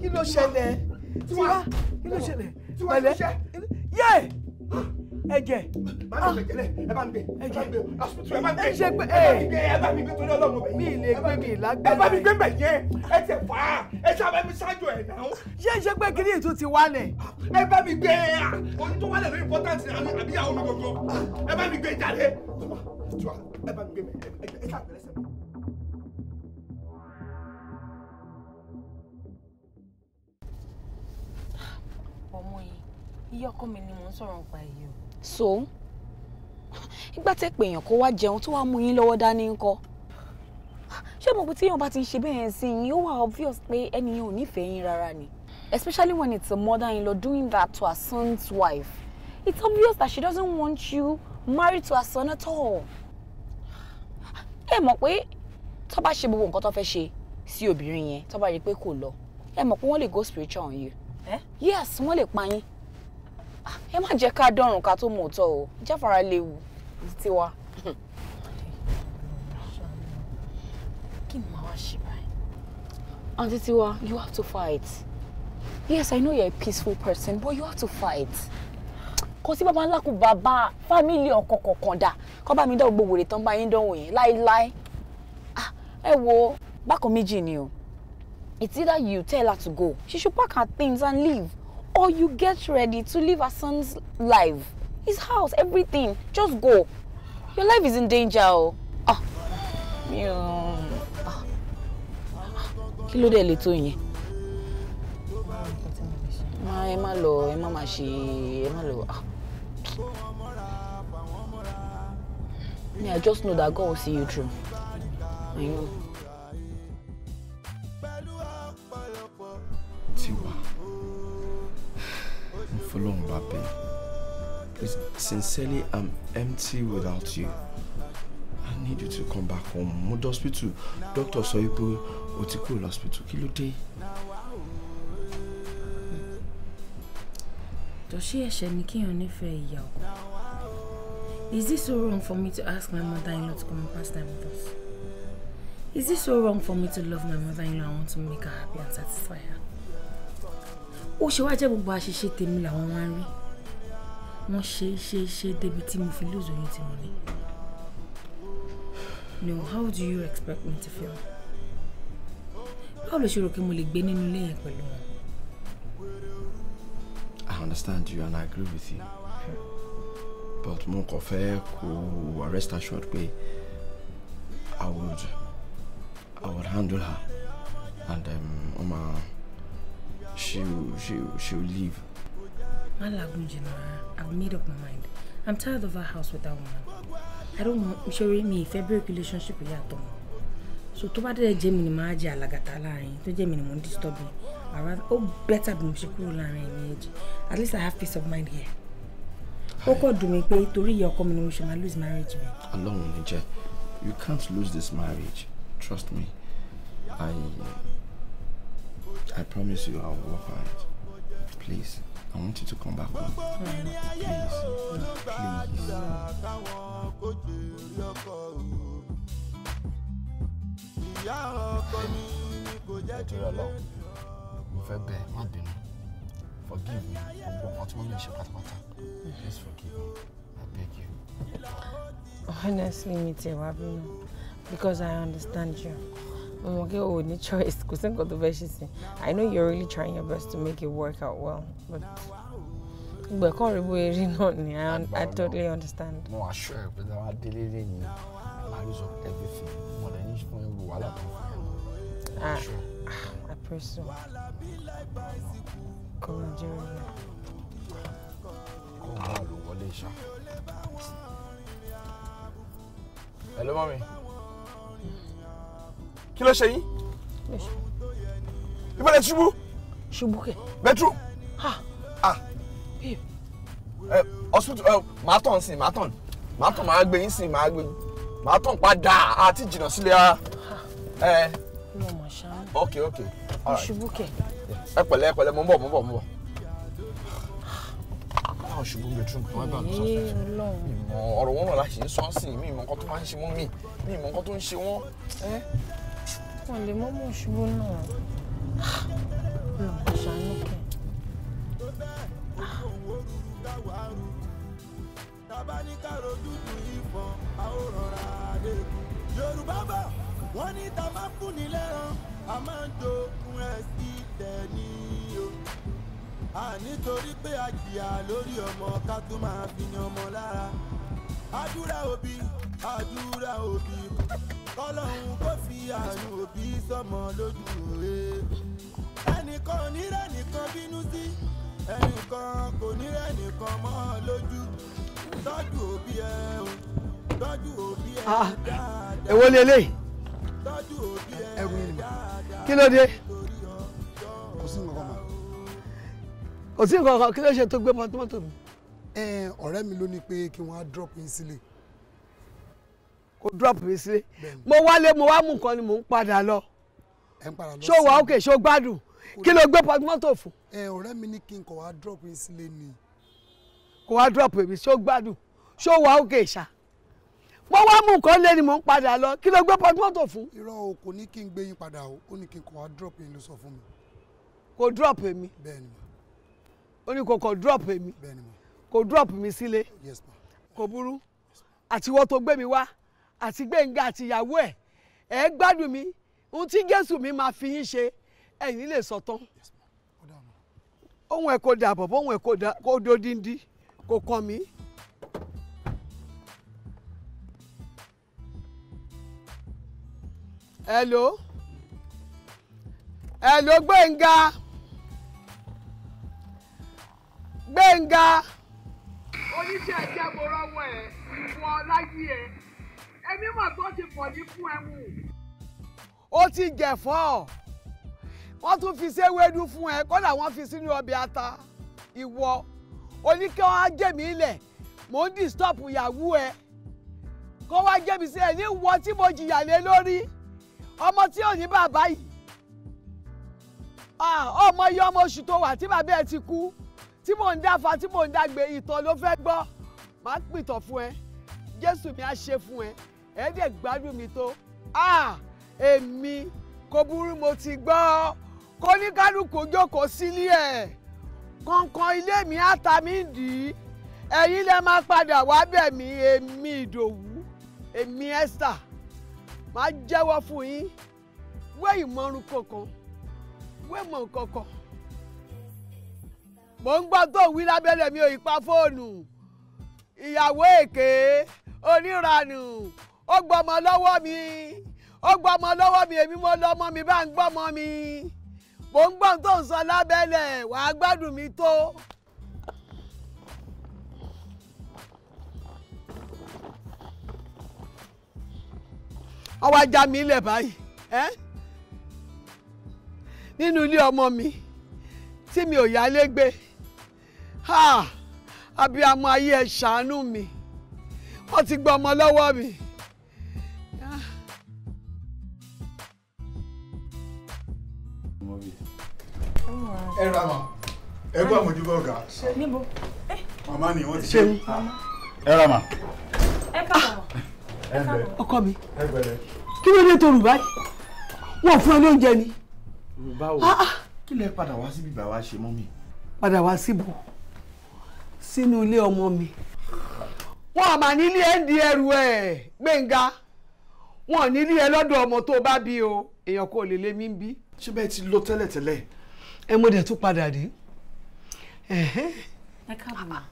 kí ló ṣẹlẹ̀ tiwa kí ló ṣẹlẹ̀ pẹ̀lẹ́ yé ẹ̀jẹ̀. má mi gbẹ̀jẹ̀ lẹ̀ ẹ bá mi gbẹ̀ ẹ bá mi gbẹ̀ àsùtù ẹ bá mi gbẹ̀ ẹ bá mi gbẹ̀ ẹ bá mi gbẹ̀ torí ọlọ́run bẹ̀. mi lè gbé mi lágbára. ẹ bá mi gbẹ̀ bẹ̀jẹ̀ ẹ tẹ fà á ẹ ṣe abẹ́mi ṣáájú ẹ̀ náà. ṣé ṣe pé kí ni ètò ti wálẹ̀. ẹ bá mi gbẹ̀ ẹ ohun tó wálẹ̀ ló important àbí ẹ ọmọ yìí iye ọkọ mi ni mò ń sọ̀rọ̀ nípa èyí o so ìgbà tẹ́ pé èèyàn kó wá jẹun tó wá mú yín lọ́wọ́ dání ńkọ́ ṣé mo pé tí èèyàn bá ti ń ṣe bẹ́ẹ̀ sí yín ó wà obvious pé ẹnìyàn ò nífẹ̀ẹ́ yín rárá ni especially when it's a mother-in-law doing that to her son's wife it's obvious that she doesn't want you married to her son at all ẹ mọ̀ pé tó bá ṣe gbogbo nǹkan tó fẹ́ ṣe sí obìnrin yẹn tó bá rí i pé kò lọ ẹ mọ̀ pé wọ́n go spiritual on you Eh? yes wọ́n lè pa yín ẹ má jẹ́ ká dọ̀rùn ká tó mọ̀ ọ̀tọ̀ o jáfara léwu tiwa. kí ni màá wá ṣe báyìí. aunty tiwa you have to fight yes i know you're a peaceful person but you have to fight kò sí bàbá ńlá kò bàbá fámìlì ọkọ kọ̀ọ̀kan dà kọ́ bá mi dá gbogbo wèrè tán bá yín dánwò yẹn láéláé ah, ẹ wo bákan méjì ni o it's either you tell her to go she should pack her things and leave or you get ready to leave her son's life his house everything just go your life is in danger Oh, ah mi ò ah kí ló dé lè tó yẹn máa ẹ má lọ ẹ má má ṣe ẹ má lọ ah me i just know that God will see you through i know. tiwa fọlọ́run bá bẹ̀ sincerely i'm empty without you i need you to come back home mo dé hospital doctor sọ wípé o ti kúrò lọ́spítù kí ló dé. Jọ̀ṣí ẹ̀ṣẹ̀ ni kíyàn nífẹ̀ẹ́ ìyá ọkọ. Is this so wrong for me to ask my mother-in-law to come and pass time with us? Is this so wrong for me to love my mother-in-law and want to make her happy and satisfy her? ó ṣe wá jẹ́ gbogbo àṣìṣe tèmi làwọn wá rí wọ́n ṣe ṣe ṣe débi tí mo fi lóòzò yín tí mo ní. no how do you expect me to feel? báwo ló ṣe rò pé mo lè gbé nínú ilé yẹn pẹ̀lú wọn. I understand you and I agree with you but mo kàn fẹ́ kó arrest assured pé I would I would handle her and um, ọmọ. Um, She She will. will. She will leave. I've made up my mind. I'm tired of our house with that woman. I don't want Sherry me February relationship with her Tom. So tó bá dẹ̀ jẹ́ mi ni màá jẹ́ àlàgàtà láàrin tó jẹ́ mi ni mò ń disturb yìí. Àrà ó bẹ́tà bí mo ṣe kúrò láàrin ẹ̀mí At least I have peace of mind here. Oh God, dùn mí pé torí ìyá ọkọ mi ni lose marriage mi. Ọlọ́run ní you can't lose this marriage, trust me. I I promise you I'll work on it. Please, I want you to come back home. Please, please. Mo fẹ́ bẹ̀ má bínú. Forgive me. Gbogbo nǹkan tí wọ́n lè ṣe Please forgive me. I beg you. Honestly, mi ti because I understand you mo get o choice kò sí nǹkan i know you're really trying your best to make it work out well but gbẹ̀kọ́ can't bóyá rí náà ni i totally understand. mo wá ṣọ ẹ pé dáwà délé lè ní everything mo lè ní fún irú wàhálà tó i pray so Come on, Jerry. Come on, kó hello mommy kí ló ṣe yín ìbẹ̀rẹ̀ ṣubú ṣubú kẹ bẹ́tú ọ̀sùtù màá tàn sí màá tàn màá tàn màá gbé yín sí màá gbé yín màá tàn padà àti jìnnà sílé ara ẹ ok ok ṣubú kẹ ẹ pẹ̀lẹ́ ẹ pẹ̀lẹ́ mo ń bọ̀ mo ń bọ̀ mo ń bọ̀ náà ṣubú bedroom kan ẹgbẹ́ àmì sọ́sẹ̀ ìmọ̀ ọ̀rọ̀ wọn wà láti ṣe sọ́ọ̀sì mi ìmọ̀ nǹkan tó máa ń ṣe wọ́n mi ìmọ̀ nǹkan tó ń ṣe wọ́n ẹ́ kàn lè mọ́mọ́ ṣubú náà lọ ah, ṣàánú kẹ. tàbá ah, ní kàró dúdú ìfọ̀n a ó rọra dé. ni lẹ́ràn a máa ń jogún o. a nítorí pé a jìyà lórí ọmọ ká tún fi yan ọmọ lára àdúrà òbí àdúrà òbí kọlọ́hún kó fi àánú òbí sọmọ lójú rẹ̀ ẹnìkan ò nìkan bínú sí ẹnìkan kò ní nìkan mọ́ lójú tọ́jú òbí ẹ o tọ́jú òbí ẹ ah, dáadáa ẹ wọlé tọ́jú òbí ẹ dáadáa kí ló dé kò sí nǹkan kan kò sí nǹkan kan kí ló ṣe tó gbé mọ́tò mi ọ̀rẹ́ mi ló ní pé kí wọ́n á drop yín sílé. kò drop mi sílé mo wálé mo wá mú nǹkan ni mò ń padà lọ ṣó wà ókè ṣó gbádùn kí ló gbé mọ́tò fún. ọ̀rẹ́ mi ní kí n kọ̀ wá drop yín sílé ni. kò wá drop mi ṣó gbádùn ṣó wà ókè ṣá mo wá mú nǹkan lé ni mò ń padà lọ kí ló gbé mọ́tò fún. irọ́ o kò ní kí n gbé yín padà o ó ní kí n kọ̀ wá drop yín ló sọ fún mi. kò drop mi. bẹ́ẹ̀ni. ó ní kò kọ̀ drop mi. bẹ́ẹ̀ni kò drop mi sílé yes ma kò burú àtiwọ́ tó gbé mi wá àti gbẹ̀ngà àti ìyàwó ẹ̀ ẹ̀ gbádùn mi ohun tí jésù mi máa fi yín ṣe ẹ̀yin lè sọ tán ohun ẹ̀ kò dà bọ̀bọ̀ ohun ẹ̀ kò dodindi kò kàn mí. hello hello gbẹ̀ngà gbẹ̀ngà oníṣẹ́ ẹ̀jẹ̀ mo rọ́wọ́ ẹ̀ wọ láyé ẹ̀ èmi mọ̀ tó ti pọ̀ ní fún ẹ wù. ó ti jẹ̀fọ́ wọ́n tún fi séwédú fún ẹ kódà wọ́n fi sínú ọbẹ̀ ata ìwọ oníkẹ́ wọn á jẹ́ mi ilẹ̀ mò ń disturb ìyàwó ẹ kó wá jẹ́ mi sí ẹ ní ìwọ tí mo jìyà lé lórí ọmọ tí ò ní bàbá yìí ah, ọmọ iye ọmọ oṣù tó wà tí bàbá ẹ ti kú tí mò ń dáfa tí mò ń dágbe ìtàn ló fẹ́ gbọ́ màá pìtàn fún ẹ jésù mi á ṣe fún ẹ ẹ dẹ̀ gbádùn mi tó a ah! èmi kò burú mo ti gbọ́ kó ní kálukú jókòó sílé ẹ̀ kọ̀ọ̀kan ilé mi á ta mí dì í ẹ̀yin lẹ máa padà wá bẹ̀ mí èmi ìdòwú èmi esther màá jẹ́wọ́ fún yín wé ìmọ̀rún kankan wé mọ̀ kankan mò ń gbọ́ tó wí lábẹ́lẹ̀ mi ò ìpa fóònù ìyàwó èké oníranù ó gbọ́mọ lọ́wọ́ mi ó gbọ́mọ lọ́wọ́ mi èmi mo lọ́mọ mi bá ń gbọ́mọ mi mò ń gbọ́n tó ń sọ lábẹ́lẹ̀ wàá gbádùn mi tó. wọ́n wá mi lẹ̀ báyìí nínú ilé ọmọ mi tí mi ò yálégbé. Eh? ha abiyamọ ayé ẹ ṣàánú mi wọ́n ti gba ọmọ lọ́wọ́ mi. ẹ ra ma ẹ gbọ́ àmójúbọ̀ ọ̀gá màmá ni wọ́n ti ṣe ẹ ra ma. ẹ káàbọ̀ ah! ẹ bẹ̀ ọkọ mi kí ló dé tó rù báyìí wọn fún ẹ ní oúnjẹ ni. rù báwo ah! kí lẹ padà wá síbi bàbá ṣe mọ́ mi. padà wá síbò sínú ilé ọmọ mi wọn àmà nílé ẹ ń di ẹrù ẹ gbẹ̀ngà wọn nílé ẹ lọ́dọ̀ ọmọ tó bá bí o èèyàn kò lè lé mi ń bí. ṣé bẹ́ẹ̀ ti lọ tẹ́lẹ̀tẹ́lẹ̀. ẹ mo dẹ̀ tún padà dé. ẹ káàbọ̀.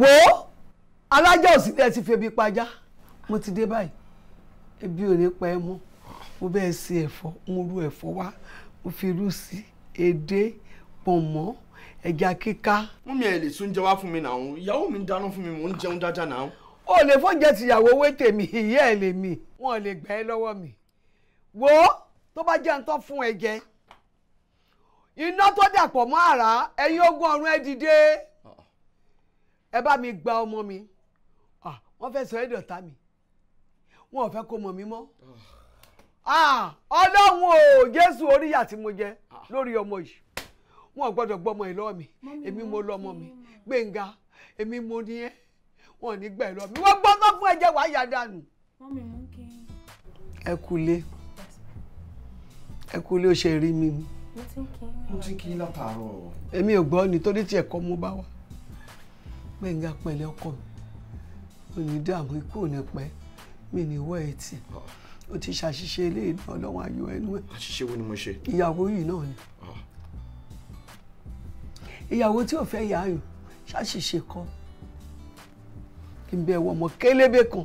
wo alájà òsì bẹ́ẹ̀ ti febi pajá mo ti dé báyìí ebi ò ní pa ẹ mọ́ mo bẹ́ẹ̀ ṣe ẹ̀fọ́ mo ru ẹ̀fọ́ wá mo fi irú sí èdè pọ̀nmọ́ ẹja kíká. mú mi ẹ lè sún jẹ wá fún mi náà ìyàwó mi ń dáná fún mi mò ń jẹun dáadáa náà. o lè fọ́njẹ tìyàwó owó tèmi ìyá ẹ lè mi wọn lè gbà ẹ lọ́wọ́ mi. wo tó bá jẹ́ ntọ́ fún ẹ jẹ iná tó dàpọ̀ mọ́ àrá ẹ̀yin ogún ọ̀run ẹ dìde ẹ bá mi gba ọmọ mi ah, wọ́n fẹ́ sọ ẹ́ dọ̀tá mi wọn ò fẹ́ kó mọ̀ mí mọ́ ah, ọlọ́run o jésù oríyà tí mo jẹ ah. lórí ọmọ yìí wọn ò gbọ́dọ̀ gbọ́mọ ẹ̀ lọ́wọ́ mi èmi mo lọ́mọ mi gbẹ̀ngà èmi mo ní ẹ́ wọn ò ní gbà ẹ̀ lọ́wọ́ mi wọ́n gbọ́ tó fún ẹ̀jẹ̀ wàá yà dànù. ẹ kúlé ẹ kúlé ó ṣe rí mi. mo ti kí látàárọ̀. èmi ò gbọ́ nítorí tí ẹ̀kọ́ mo bá wà gbẹ̀ngà pẹ̀lẹ́ ọkọ mi mi ní dààmú ikú ní pẹ́ mi ní wọ́ ẹ̀ o ti ṣàṣìṣe eléyìí náà ọlọ́run ayọ̀ ẹnu ẹ̀. àṣìṣe wo ni mo ṣe. ìyàwó yìí náà ni. Ah ìyàwó tí ò fẹ́ yàáyò ṣàṣìṣe kan kí n bẹ ẹwọ ọmọ kélébé kan.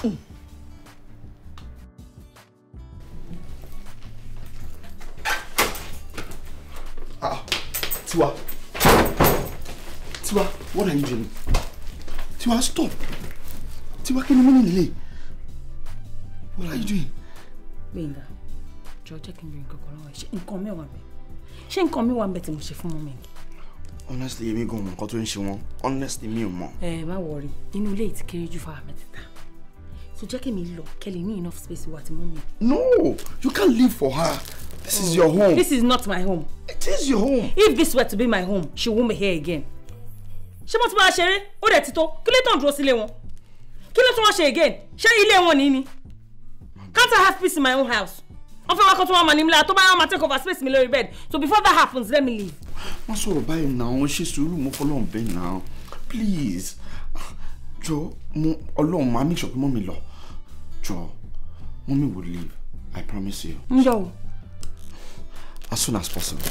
Hmm. Ah, Tiwa, Tiwa, what are you doing? Tiwa, stop. Tiwa, kí ni mo ní nílé? What are you doing? Gbẹ̀ngà, jọ jẹ́ kí n bẹ̀rẹ̀ nǹkan kan lọ́wọ́ ẹ̀ ṣe nǹkan mẹ́wàá mi ṣé nǹkan mi wà ń bẹ tí mo ṣe fún mọ́mì honestly èmi gan mọ nǹkan tó ń ṣe wọn honestly mi ò mọ. ẹ eh, má wọrí inú ilé ìtì kéré jù fáwọn mẹ́tẹ̀ẹ̀ta so jẹ́ kí mi lọ kẹ́lẹ̀ ní enough space wà tí mọ́mì. no you can't live for her this oh, is your home. this is not my home. it is your home. if this were to be my home she won't be here again. ṣé mo ti máa ṣeré ó dẹ̀ ti tó kí ló tàn dúró sílé wọn kí ló tún wọ́n ṣe again ṣé ilé wọn ní ni can't I have peace in my own house wọ́n fẹ́ wá kó tó wá mọ̀ ní tó bá wọn máa take over space mi lórí bed so before that happens let me leave. má sọ̀rọ̀ báyìí náà ṣe sùúrù mo fọlọ́run bẹ́ẹ̀ náà please jọ mo ọlọ́run máa make sure pé mọ́ mi lọ jọ mommy will leave i promise you. ǹjọ́ o. as soon as possible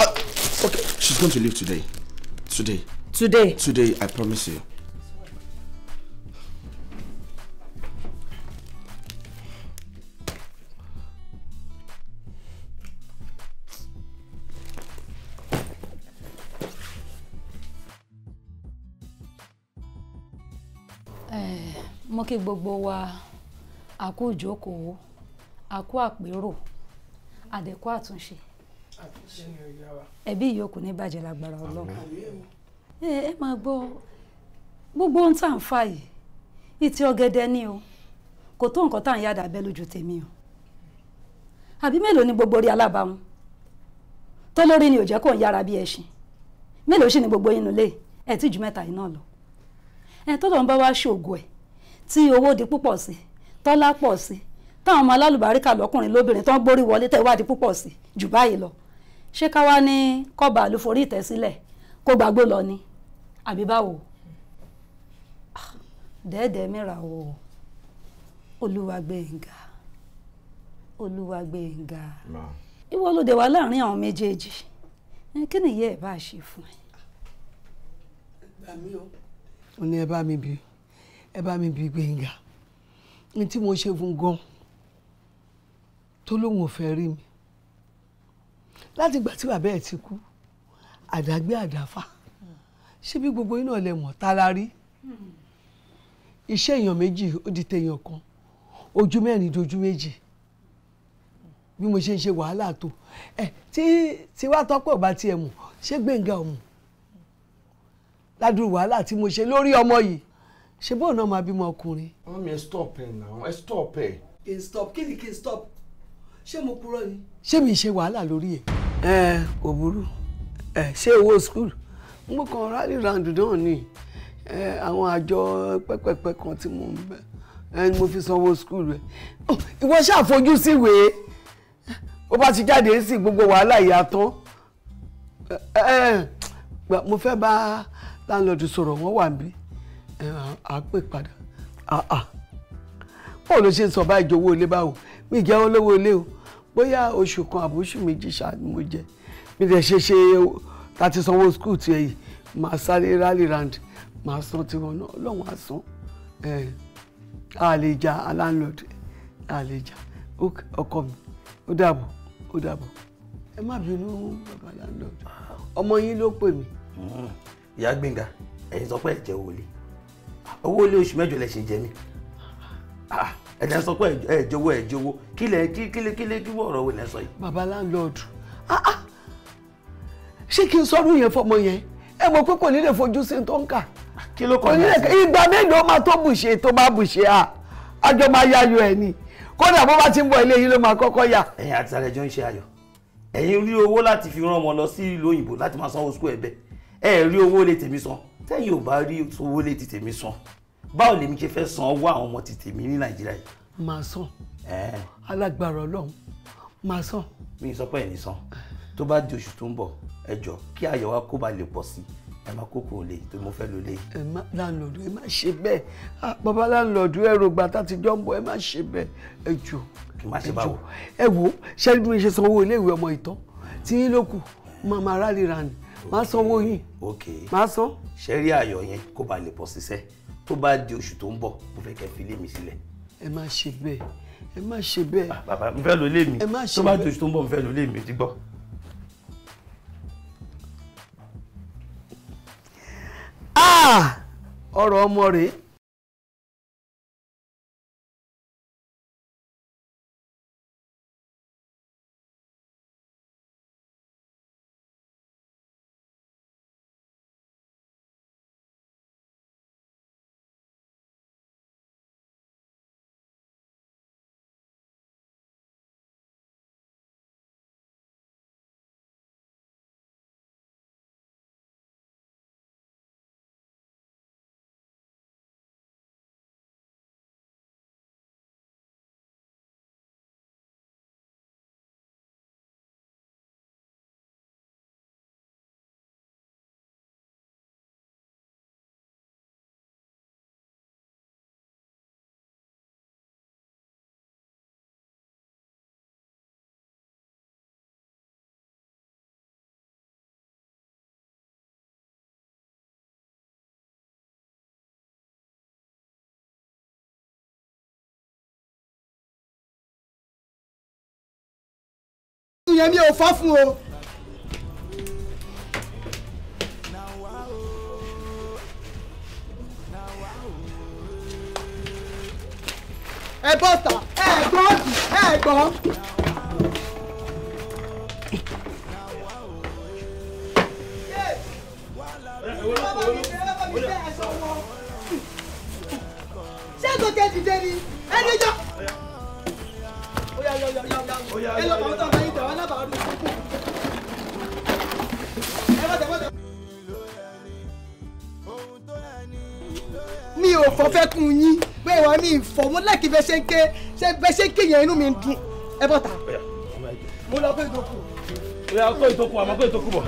uh, okay she's going to leave today today. today. today i promise you. mo kí gbogbo wa a kú ìjókòó a kú àpérò àdẹ̀kú àtúnṣe ẹbí yòókù ní bàjẹ́ lágbára ọlọ́run ẹ máa gbọ́ gbogbo ohun tá à ń fà yìí ìtì ọ̀gẹ̀dẹ̀ ni o kò tó nǹkan tá à ń yàdà bẹ́ lójú tèmi o àbí mélòó ni gbogbo orí alábàáhùn tó lórí ni ò jẹ́ kó ń yára bí ẹṣin mélòó sì ni gbogbo inú lé ẹ̀ tí ju mẹ́ta yìí náà lọ ẹ̀ tó lọ́n bá wá ṣògo ẹ̀ tí owó di púpọ̀ sí tọ́lá pọ̀ sí táwọn ọmọ alálùbáríkà lọ́kùnrin lóbìnrin tó ń gbórí wọlé tẹ̀ wá di púpọ̀ sí jù báyìí lọ ṣé ká wá ní kọ́ba àlùforí ìtẹ́sílẹ̀ kó gbàgbó lọ ni àbí báwo ah, dẹ́ẹ̀dẹ́ mìíràn o Olúwagbénga Olúwagbénga ìwọ ló dé wá láàrin àwọn méjèèjì kí nìyẹn ẹ bá ṣe fún ẹ. ẹ gbà mí o. ó ní ẹ bá mi bí i ẹ bá mi bí Gbénga ní tí mo ṣe fún gan tó lóun ò fẹ́ rí mi láti ìgbà tí bàbá ẹ̀ ti kú àdágbé àdáfà ṣé bí gbogbo iná lẹ mọ̀ tá la rí iṣẹ́ èèyàn méjì ó di tèèyàn kan ojú mẹ́rin dojú méjì bí mo ṣe ń ṣe wàhálà tó ẹ tí tí wàá tọ́pọ̀ bá tiẹ̀ mọ̀ ṣé Gbénga ò ládùúgbò wàhálà tí mo ṣe lórí ọmọ yìí ṣe bóun náà máa bímọ ọkùnrin. wọ́n mi ẹ stop ẹ náà ẹ stop ẹ. kì í stop kí ni kì í stop ṣé mo kúrò ni. ṣé mi ṣe wàhálà lórí ẹ. ẹ kò burú ẹ ṣé owó skul mo kàn rally round náà ni àwọn àjọ pẹ́pẹ́pẹ́ kan tí mo ń bẹ ẹni mo fi sanwó skul rẹ oh, ìwọ ṣàfojú síwèé ó bá ti jáde sí gbogbo wàhálà ìyá tán mo fẹ́ bá láńlọ́ọ̀dù sọ̀rọ̀ wọ́n wà níbí à pè padà báwo ló ṣe ń sọ báyìí jowó ilé báwo mi jẹ́ olówó ilé o bóyá oṣù kan àbóṣù méjì ṣáà ni mo jẹ mi dẹ̀ ṣe ṣe láti sanwó skul tiẹ̀ yìí màá sáré rally round màá san tiwọn náà lọ́wọ́n á san àlejà landlord àlejà ọkọ mi ó dàbọ̀ ó dàbọ̀ ẹ má bínú bàbá landlord ọmọ yín ló pè mí. ìyá gbẹ̀ngà ẹ̀yin sọ pé ẹ̀jẹ̀ wọlé owó ilé oṣù mẹ́jọ lẹ ṣe jẹ mí ah, ẹ̀dá sọ pé ẹ jọ̀wọ́ ẹ jọ̀wọ́ kí lẹ kí kílé kílé kí wọ́n ọ̀rọ̀ wo lẹ sọ yìí. bàbá láńlọ́ọ̀dù ah, ah. ṣé kí n sọrú yẹn fọmọ yẹn ẹ mọ̀ pé kò ní lè fojú sí tó ń kà kí ló kọ́ ní ẹ̀sìn. ìgbà mélòó máa tó bùṣe tó máa bùṣe à àjọ máa yáyọ ẹ ni kódà bó bá ti ń bọ̀ ilé yìí ló máa kọ́kọ́ yà. ẹ̀yin àti sáré jọ ń ṣe ayọ̀ ẹ̀yin rí owó láti fi rán ọmọ lọ sí ìlú òyìnbó láti máa sanwó sukú ẹ̀ bẹ́ẹ̀ ẹ̀ rí owó lè tèmi san tẹ́yìn ò bá rí owó lé ti tèmi san báwo lèmi ṣe fẹ́ san owó àwọn ọmọ ti tèmi ní nàìjíríà yìí. màá san alágbára ọlọ́run màá san. mi sọ pé ẹni san tó bá di oṣù tó ń bọ̀ ẹ jọ kí ayọ̀ wa kó ba lè pọ̀ sí ẹ máa kókò òlé tó mo fẹ́ lólé. ẹ má láńlọ́ọ̀dù ẹ má ṣe bẹ́ẹ̀ bàbá láńlọ́ọ̀dù ẹ rògbà tàti jọ́ǹbọ̀ ẹ má ṣe bẹ́ẹ̀ ẹ jù ẹ wò ṣẹ́ni bí mo ṣe san owó iléèwé ọmọ ìtọ́ tí yín ló kù máa máa rálẹ̀ rà ní máa san owó yìí máa san. sẹ́rí ayọ̀ yẹn kó ba lè bọ́ síṣẹ́ tó bá di oṣù tó ń bọ̀ mo fẹ́ kẹ́ fi lé mi sílẹ̀. ẹ má ṣe bẹ́ẹ̀ ẹ má ṣe bẹ́ẹ̀. Ah, bàbá mo fẹ́ lọ lé mi tó bá di oṣù tó ń bọ̀ mo fẹ́ lọ lé mi ti ah! ọ̀rọ̀ ọmọ rèé yẹn mi ò fọ́ fún o. ẹ bọ́ta ẹ gbọ́ ẹ gbọ́. ṣé kò tẹ́ dé ni ẹni jọ yá yá yá yá mi ò fọ́ fẹ́ kún yín bẹ́ẹ̀ wá mi ìfọ̀ mo láìkí bẹ́ẹ̀ ṣe ń ké bẹ́ẹ̀ ṣe ń ké yẹn inú mi ń dùn ẹ bọ́ ta. mo lọ kó ìdókù. ìyá kó ìdókù àmọ́ kó ìdókù bọ̀.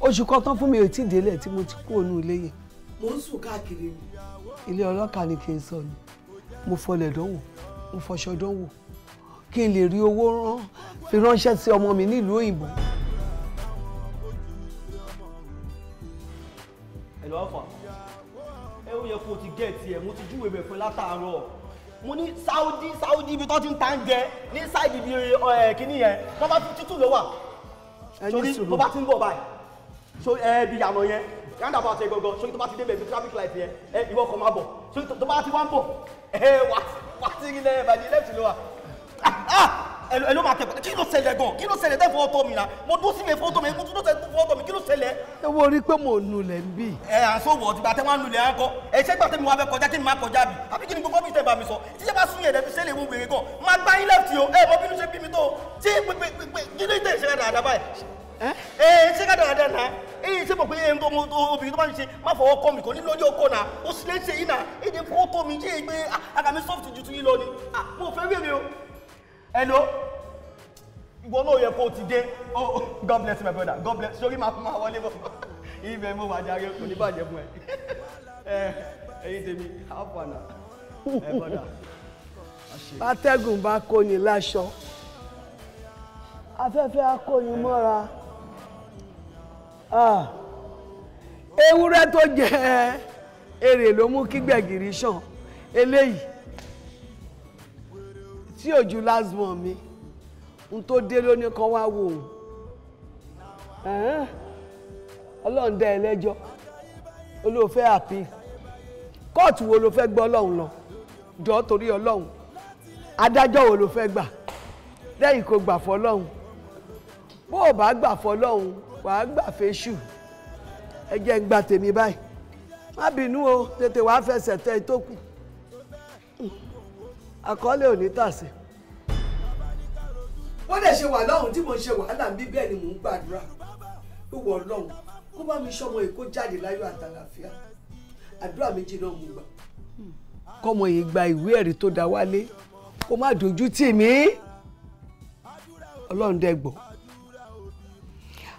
oṣù kan tán fún mi ò tí ì délẹ̀ tí mo ti kú ònú ilé yẹn. mo ń sùn káàkiri. ilé ọlọ́kà ni kì í sọ ni mo fọlẹ̀ dánwò mo fọṣọ dánwò kí n lè rí owó rán fi ránṣẹ́ sí ọmọ mi nílùú òyìnbó. ẹ̀lọ́ ọ̀fà ẹ ó yẹ kó o ti gẹ̀ẹ́tì ẹ̀ mo ti júwèé bẹ̀ fún látàárọ̀ mo ní Saudi Saudi ibi tó ti ń ta ń jẹ ní sáìdì ibi kìíní yẹn nọ́mbà fifty two ló wà sórí tó bá ti ń bọ̀ báyìí so ẹ bi yàmọ̀ yẹn round about ẹ gangan sórí tó bá ti débẹ̀ bí traffic light yẹn ẹ ìwọ kọ̀ máa bọ̀ sórí tó bá ti wá ń bọ̀ ẹ wá wá sí ilẹ̀ ẹ̀ bàjẹ́ lẹ́ẹ̀tì ló wà ẹ ló máa tẹ̀ pẹ̀lú kí ló ṣẹlẹ̀ gan kí ló ṣẹlẹ̀ tẹ́ fọwọ́ tọ́ mi na mo mais sílẹ̀ fọwọ́ tọ́ mi mo dúró sílẹ̀ fọwọ́ tọ́ mi kí ló ṣẹlẹ̀. ẹ wo rí i pé mo nulẹ̀ ń bì. ẹ àsọwọ̀ ti gbàtẹ́ wọn nulẹ̀ akọ ẹ ṣé gbàtẹ́ mi wà bẹ kọjá kí mi má kọjá bi àbí kí ni gbogbo bí tẹ bá mi sọ tí yẹ bá sún yẹn dẹbi ṣẹlẹ̀ ìwé gan máa gbá yín lẹ́fì o ẹ mọ bí mi ṣe bí mi tó tí gbẹgbẹgbẹ kí ló dé ìṣẹ̀lẹ̀ dáadáa báyìí. ee eh, eh, ṣé ká dáadáa náà ee eh, ṣé mo pe ẹni tó mo obìnrin tó bá ń ṣe má fọwọ́ kọ́ mi kò ní lójú oko náà ó sì lè yìí náà èdè fọwọ́ mi yé gbé agami ah, soft ju tu ni ah, mo fẹ́ o hello ìwọ náà yẹ kó o ti dé oh, oh god bless my brother god bless sori máa máa wọlé mo máa jáde kò ní bàjẹ́ fún ẹ ẹyin tèmi how far na ẹ bá kó ni láṣọ afẹ́fẹ́ mọ́ra. Ah. ewúrẹ́ tó jẹ èrè ló mú kí gbẹ̀gìrì sàn eléyìí tí òjú lásìmọ̀ mi n tó dé lónìí kan wá wò ó ọlọ́run dá ẹ lẹ́jọ́ olóòfẹ́ àpè kóòtù wo ló fẹ́ gbọ́ ọlọ́run lọ jọ́ torí ọlọ́run adájọ́ wo ló fẹ́ gbà lẹ́yìn kó gbà fọlọ́run bó o bá gbà fọlọ́run wàá gbà fésù ẹ jẹ́ ń gba tèmi báyìí má bínú o tètè wàá fẹsẹ̀ tẹ tó kù àkọọ́lẹ̀ ò ní tàsé. wọ́n dẹ̀ ṣe wà lọ́hùn tí mo ṣe wàhálà ń bí bẹ́ẹ̀ ni mò ń gbàdúrà wíwọ ọlọ́run kó bá mi sọmọ èkó jáde láyọ̀ àtàlàfíà àdúrà méjì náà mo gbà. kọ́mọ yìí gba ìwé ẹ̀rí tó dá wálé kó má dojú tì mí ọlọ́run dẹ́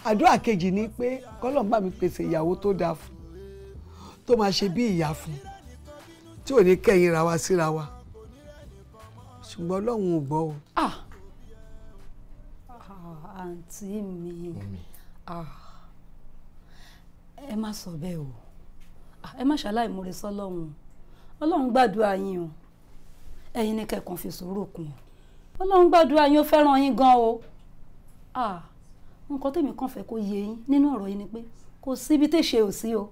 àdúrà kejì ni pé kọ́lọ̀ ń bá mi pèsè ìyàwó tó dáa fún tó máa ṣe bí ìyá fún tí ò ní kẹ́yìn ra wa síra wa ṣùgbọ́n ọlọ́run ò gbọ́ o. Ah, àǹtí mi ah. ẹ má sọ bẹ́ẹ̀ o ah, ẹ má ṣàlàyé múre sọ́lọ́run ọlọ́run gbàdúrà yín o ẹ̀yin ni kẹ́kàn fi sùúrù kún ọlọ́run gbàdúrà yín ó fẹ́ràn yín gan o. Ah nǹkan tèmi kàn fẹ́ kó yé yín nínú ọ̀rọ̀ yìí ni pé kò síbi téṣe ò sí o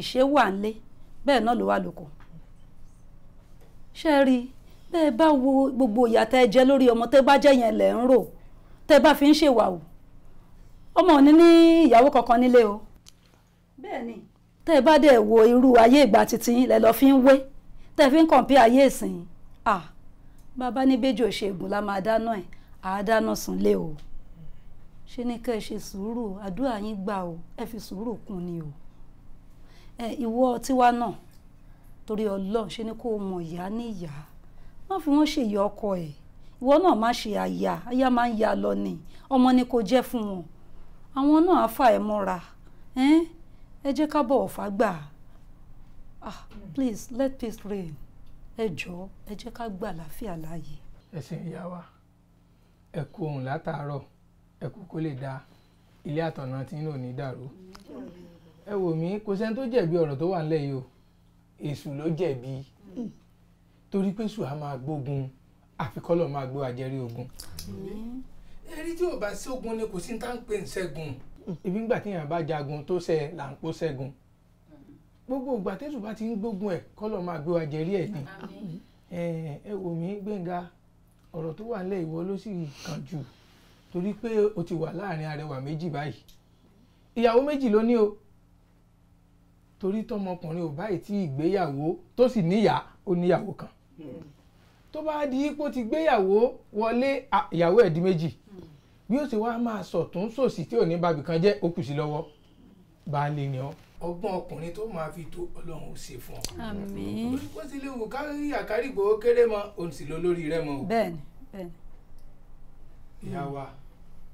ìṣe wà nílé bẹ́ẹ̀ náà ló wà lóko ṣe rí bẹ́ẹ̀ bá wo gbogbo ìyà tẹ́ jẹ lórí ọmọ tẹ́ bá jẹ́ yẹn lẹ̀ ń rò tẹ́ bá fi ń ṣèwà o ọmọ ò ní ní ìyàwó kankan nílé o bẹ́ẹ̀ ni tẹ́ ẹ bá dẹ̀ wo irú ayé ìgbà títí lẹ̀ lọ́ fi ń wé tẹ́ ẹ fi ń kọ̀ǹpí ayé ìsìn ah bàbá ní bẹ́jọ́ ṣègùn la máa dáná ẹ̀ àádáná sùn lé o ṣe ni kẹ́ ẹ ṣe sùúrù àdúrà yín gbà o ẹ fi sùúrù kún ni o ẹ ìwọ tiwa náà torí ọlọ́run ṣe ni kó o mọ̀ ìyá ní ìyá má fi wọ́n ṣe ìyá ọkọ ẹ̀ ìwọ náà má ṣe àyà àyà máa ń ya lọ ni ọmọ ni kò jẹ́ fún wọn àwọn náà á fà ẹ́ mọ́ra ẹ jẹ́ ká bọ̀wọ̀ fágbà ah please let peace reign ẹ jọ̀ọ́ ẹ jẹ́ ká gbà láfíà láàyè. ẹ sì wa ẹ kú látàárọ̀ ẹkú kó lè da ilé àtọ̀nà tí ń lò dàrú mm. ẹ wò mí kò sẹ́ni tó jẹ̀bi ọ̀rọ̀ tó wà nílẹ̀ yìí o èṣù ló jẹ̀bi mm. torí pé èṣù á máa gbógun àfikọ́lọ̀ máa gbó àjẹrí ogun ẹrí tí ò bá sógun ni kò sí ní tá ń pè ń ṣẹ́gun ibi ńgbà tí èèyàn bá jagun tó ṣe là ń pò ṣẹ́gun gbogbo ìgbà tẹ́sù bá ti ń gbógun ẹ̀ kọ́lọ̀ máa gbé wa jẹ̀rí ẹ̀ ni ẹ wò mí Gbénga ọ̀rọ̀ tó wà nílẹ̀ ìwọ ló sì kàn jù torí pé o ti wà láàrin arẹwà méjì báyìí ìyàwó méjì ló ní o torí tọmọkùnrin ò báyìí tí ìgbéyàwó tó sì níyàá ó níyàwó kan tó bá di ipò ti gbéyàwó wọlé ìyàwó ẹ̀ méjì bí ó ti wá máa sọ̀tún sòsì tí ò ní babì kan jẹ́ ó kù sí lọ́wọ́ baálé ni ọ́ ọgbọ́n ọkùnrin tó máa fi tó ọlọ́run ó ṣe fún ọ. àmín. ó sì kárí àkárìgbò kéré mọ òun lórí rẹ mọ. bẹ́ẹ̀ni bẹ́ẹ̀ni ìyá hmm. wa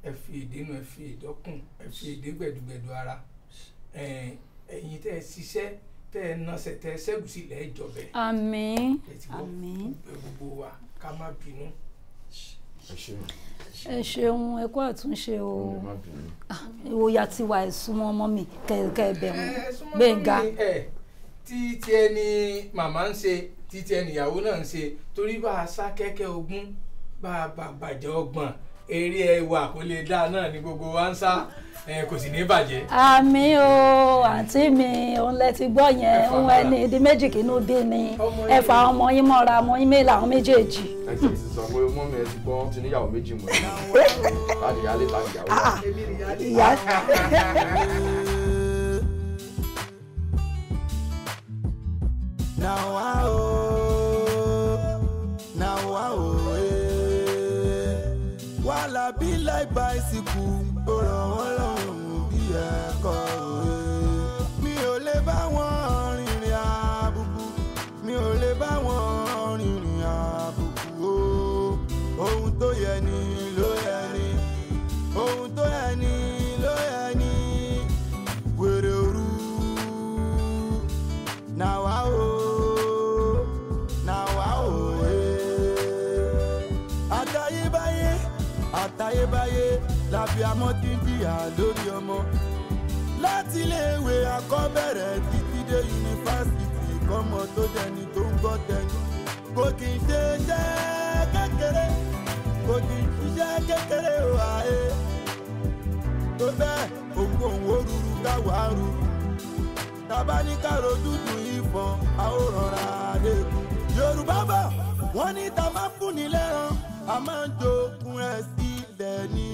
ẹ fi èdè nu ẹ fi èdọkùn ẹ fi èdè gbẹdùgbẹdù ara ẹ̀yin tẹ́ ẹ ṣiṣẹ́ tẹ́ ẹ nọsẹ̀ tẹ́ ẹ ṣẹ́gun sílẹ̀ ẹ jọbẹ. àmín àmín ẹ gbogbo wa ká má bínú. ẹ ṣeun ẹ kú àtúnṣe o ah, ìwòyà ti wà ẹ̀sùnmọ́ ọmọ mi kẹ̀kẹ́ bẹ̀rù gbẹ̀ngà. tí tí ẹni màmá ń ṣe tí tí ẹni ìyàwó náà ń ṣe torí bá a sá kẹ́kẹ́ ogún bá a bàbàjẹ́ ọgbọ̀n eré ẹwà kò lè dá náà ní gbogbo wa ń sá kò sì ní bàjẹ́. àmì o àǹtí mi òun lẹ ti gbọ́ yẹn òun ẹni ìdí méjì kìínú bí ni ẹ fa ọmọ yín mọ́ra ọmọ yín méèlà àwọn méjèèjì. ẹ ti ti sọ pé mọ́ ẹ ti gbọ́ ti níyàwó méjì mọ́ ẹ láti yálé láti yàwó. Ah, ah, bicycle ó ràn wọ́n lọ́rùn bí ẹ̀kọ́ o. àbíamọ́ ti ń jìyà lórí ọmọ láti iléèwé akọ́bẹ̀rẹ̀ títí dé yunifásitì kọ́mọ tó dẹni tó ń gbọ́ tẹnu kò kì í ṣe iṣẹ́ kékeré kò kì í ṣiṣẹ́ kékeré o àyè tó bẹ́ẹ̀ òǹkóhùn òrùrù káwá rú tabaníkà rojútù ìfọ̀n àwòrán àdékùn yorùbá bọ̀ wọ́n ní ta máa fún ni lẹ́ràn a máa ń jogún ẹ̀ sílẹ̀ ni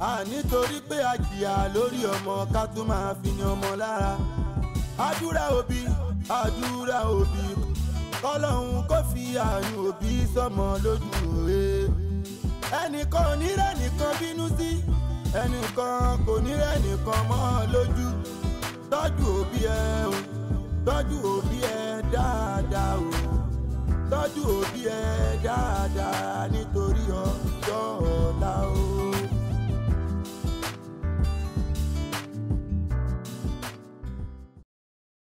a nítorí pé a jìyà lórí ọmọ ká tún máa fi ní ọmọ lára àdúrà òbí àdúrà òbí kọlọ́hún kó fi àánú òbí sọmọ lójú òwe ẹnìkan ò ní rẹ́nìkan bínú sí ẹnìkan kò ní rẹ́nìkan mọ́ lójú tọ́jú òbí ẹ o tọ́jú òbí ẹ dáadáa o tọ́jú òbí ẹ dáadáa nítorí ọjọ́ ọ̀la o.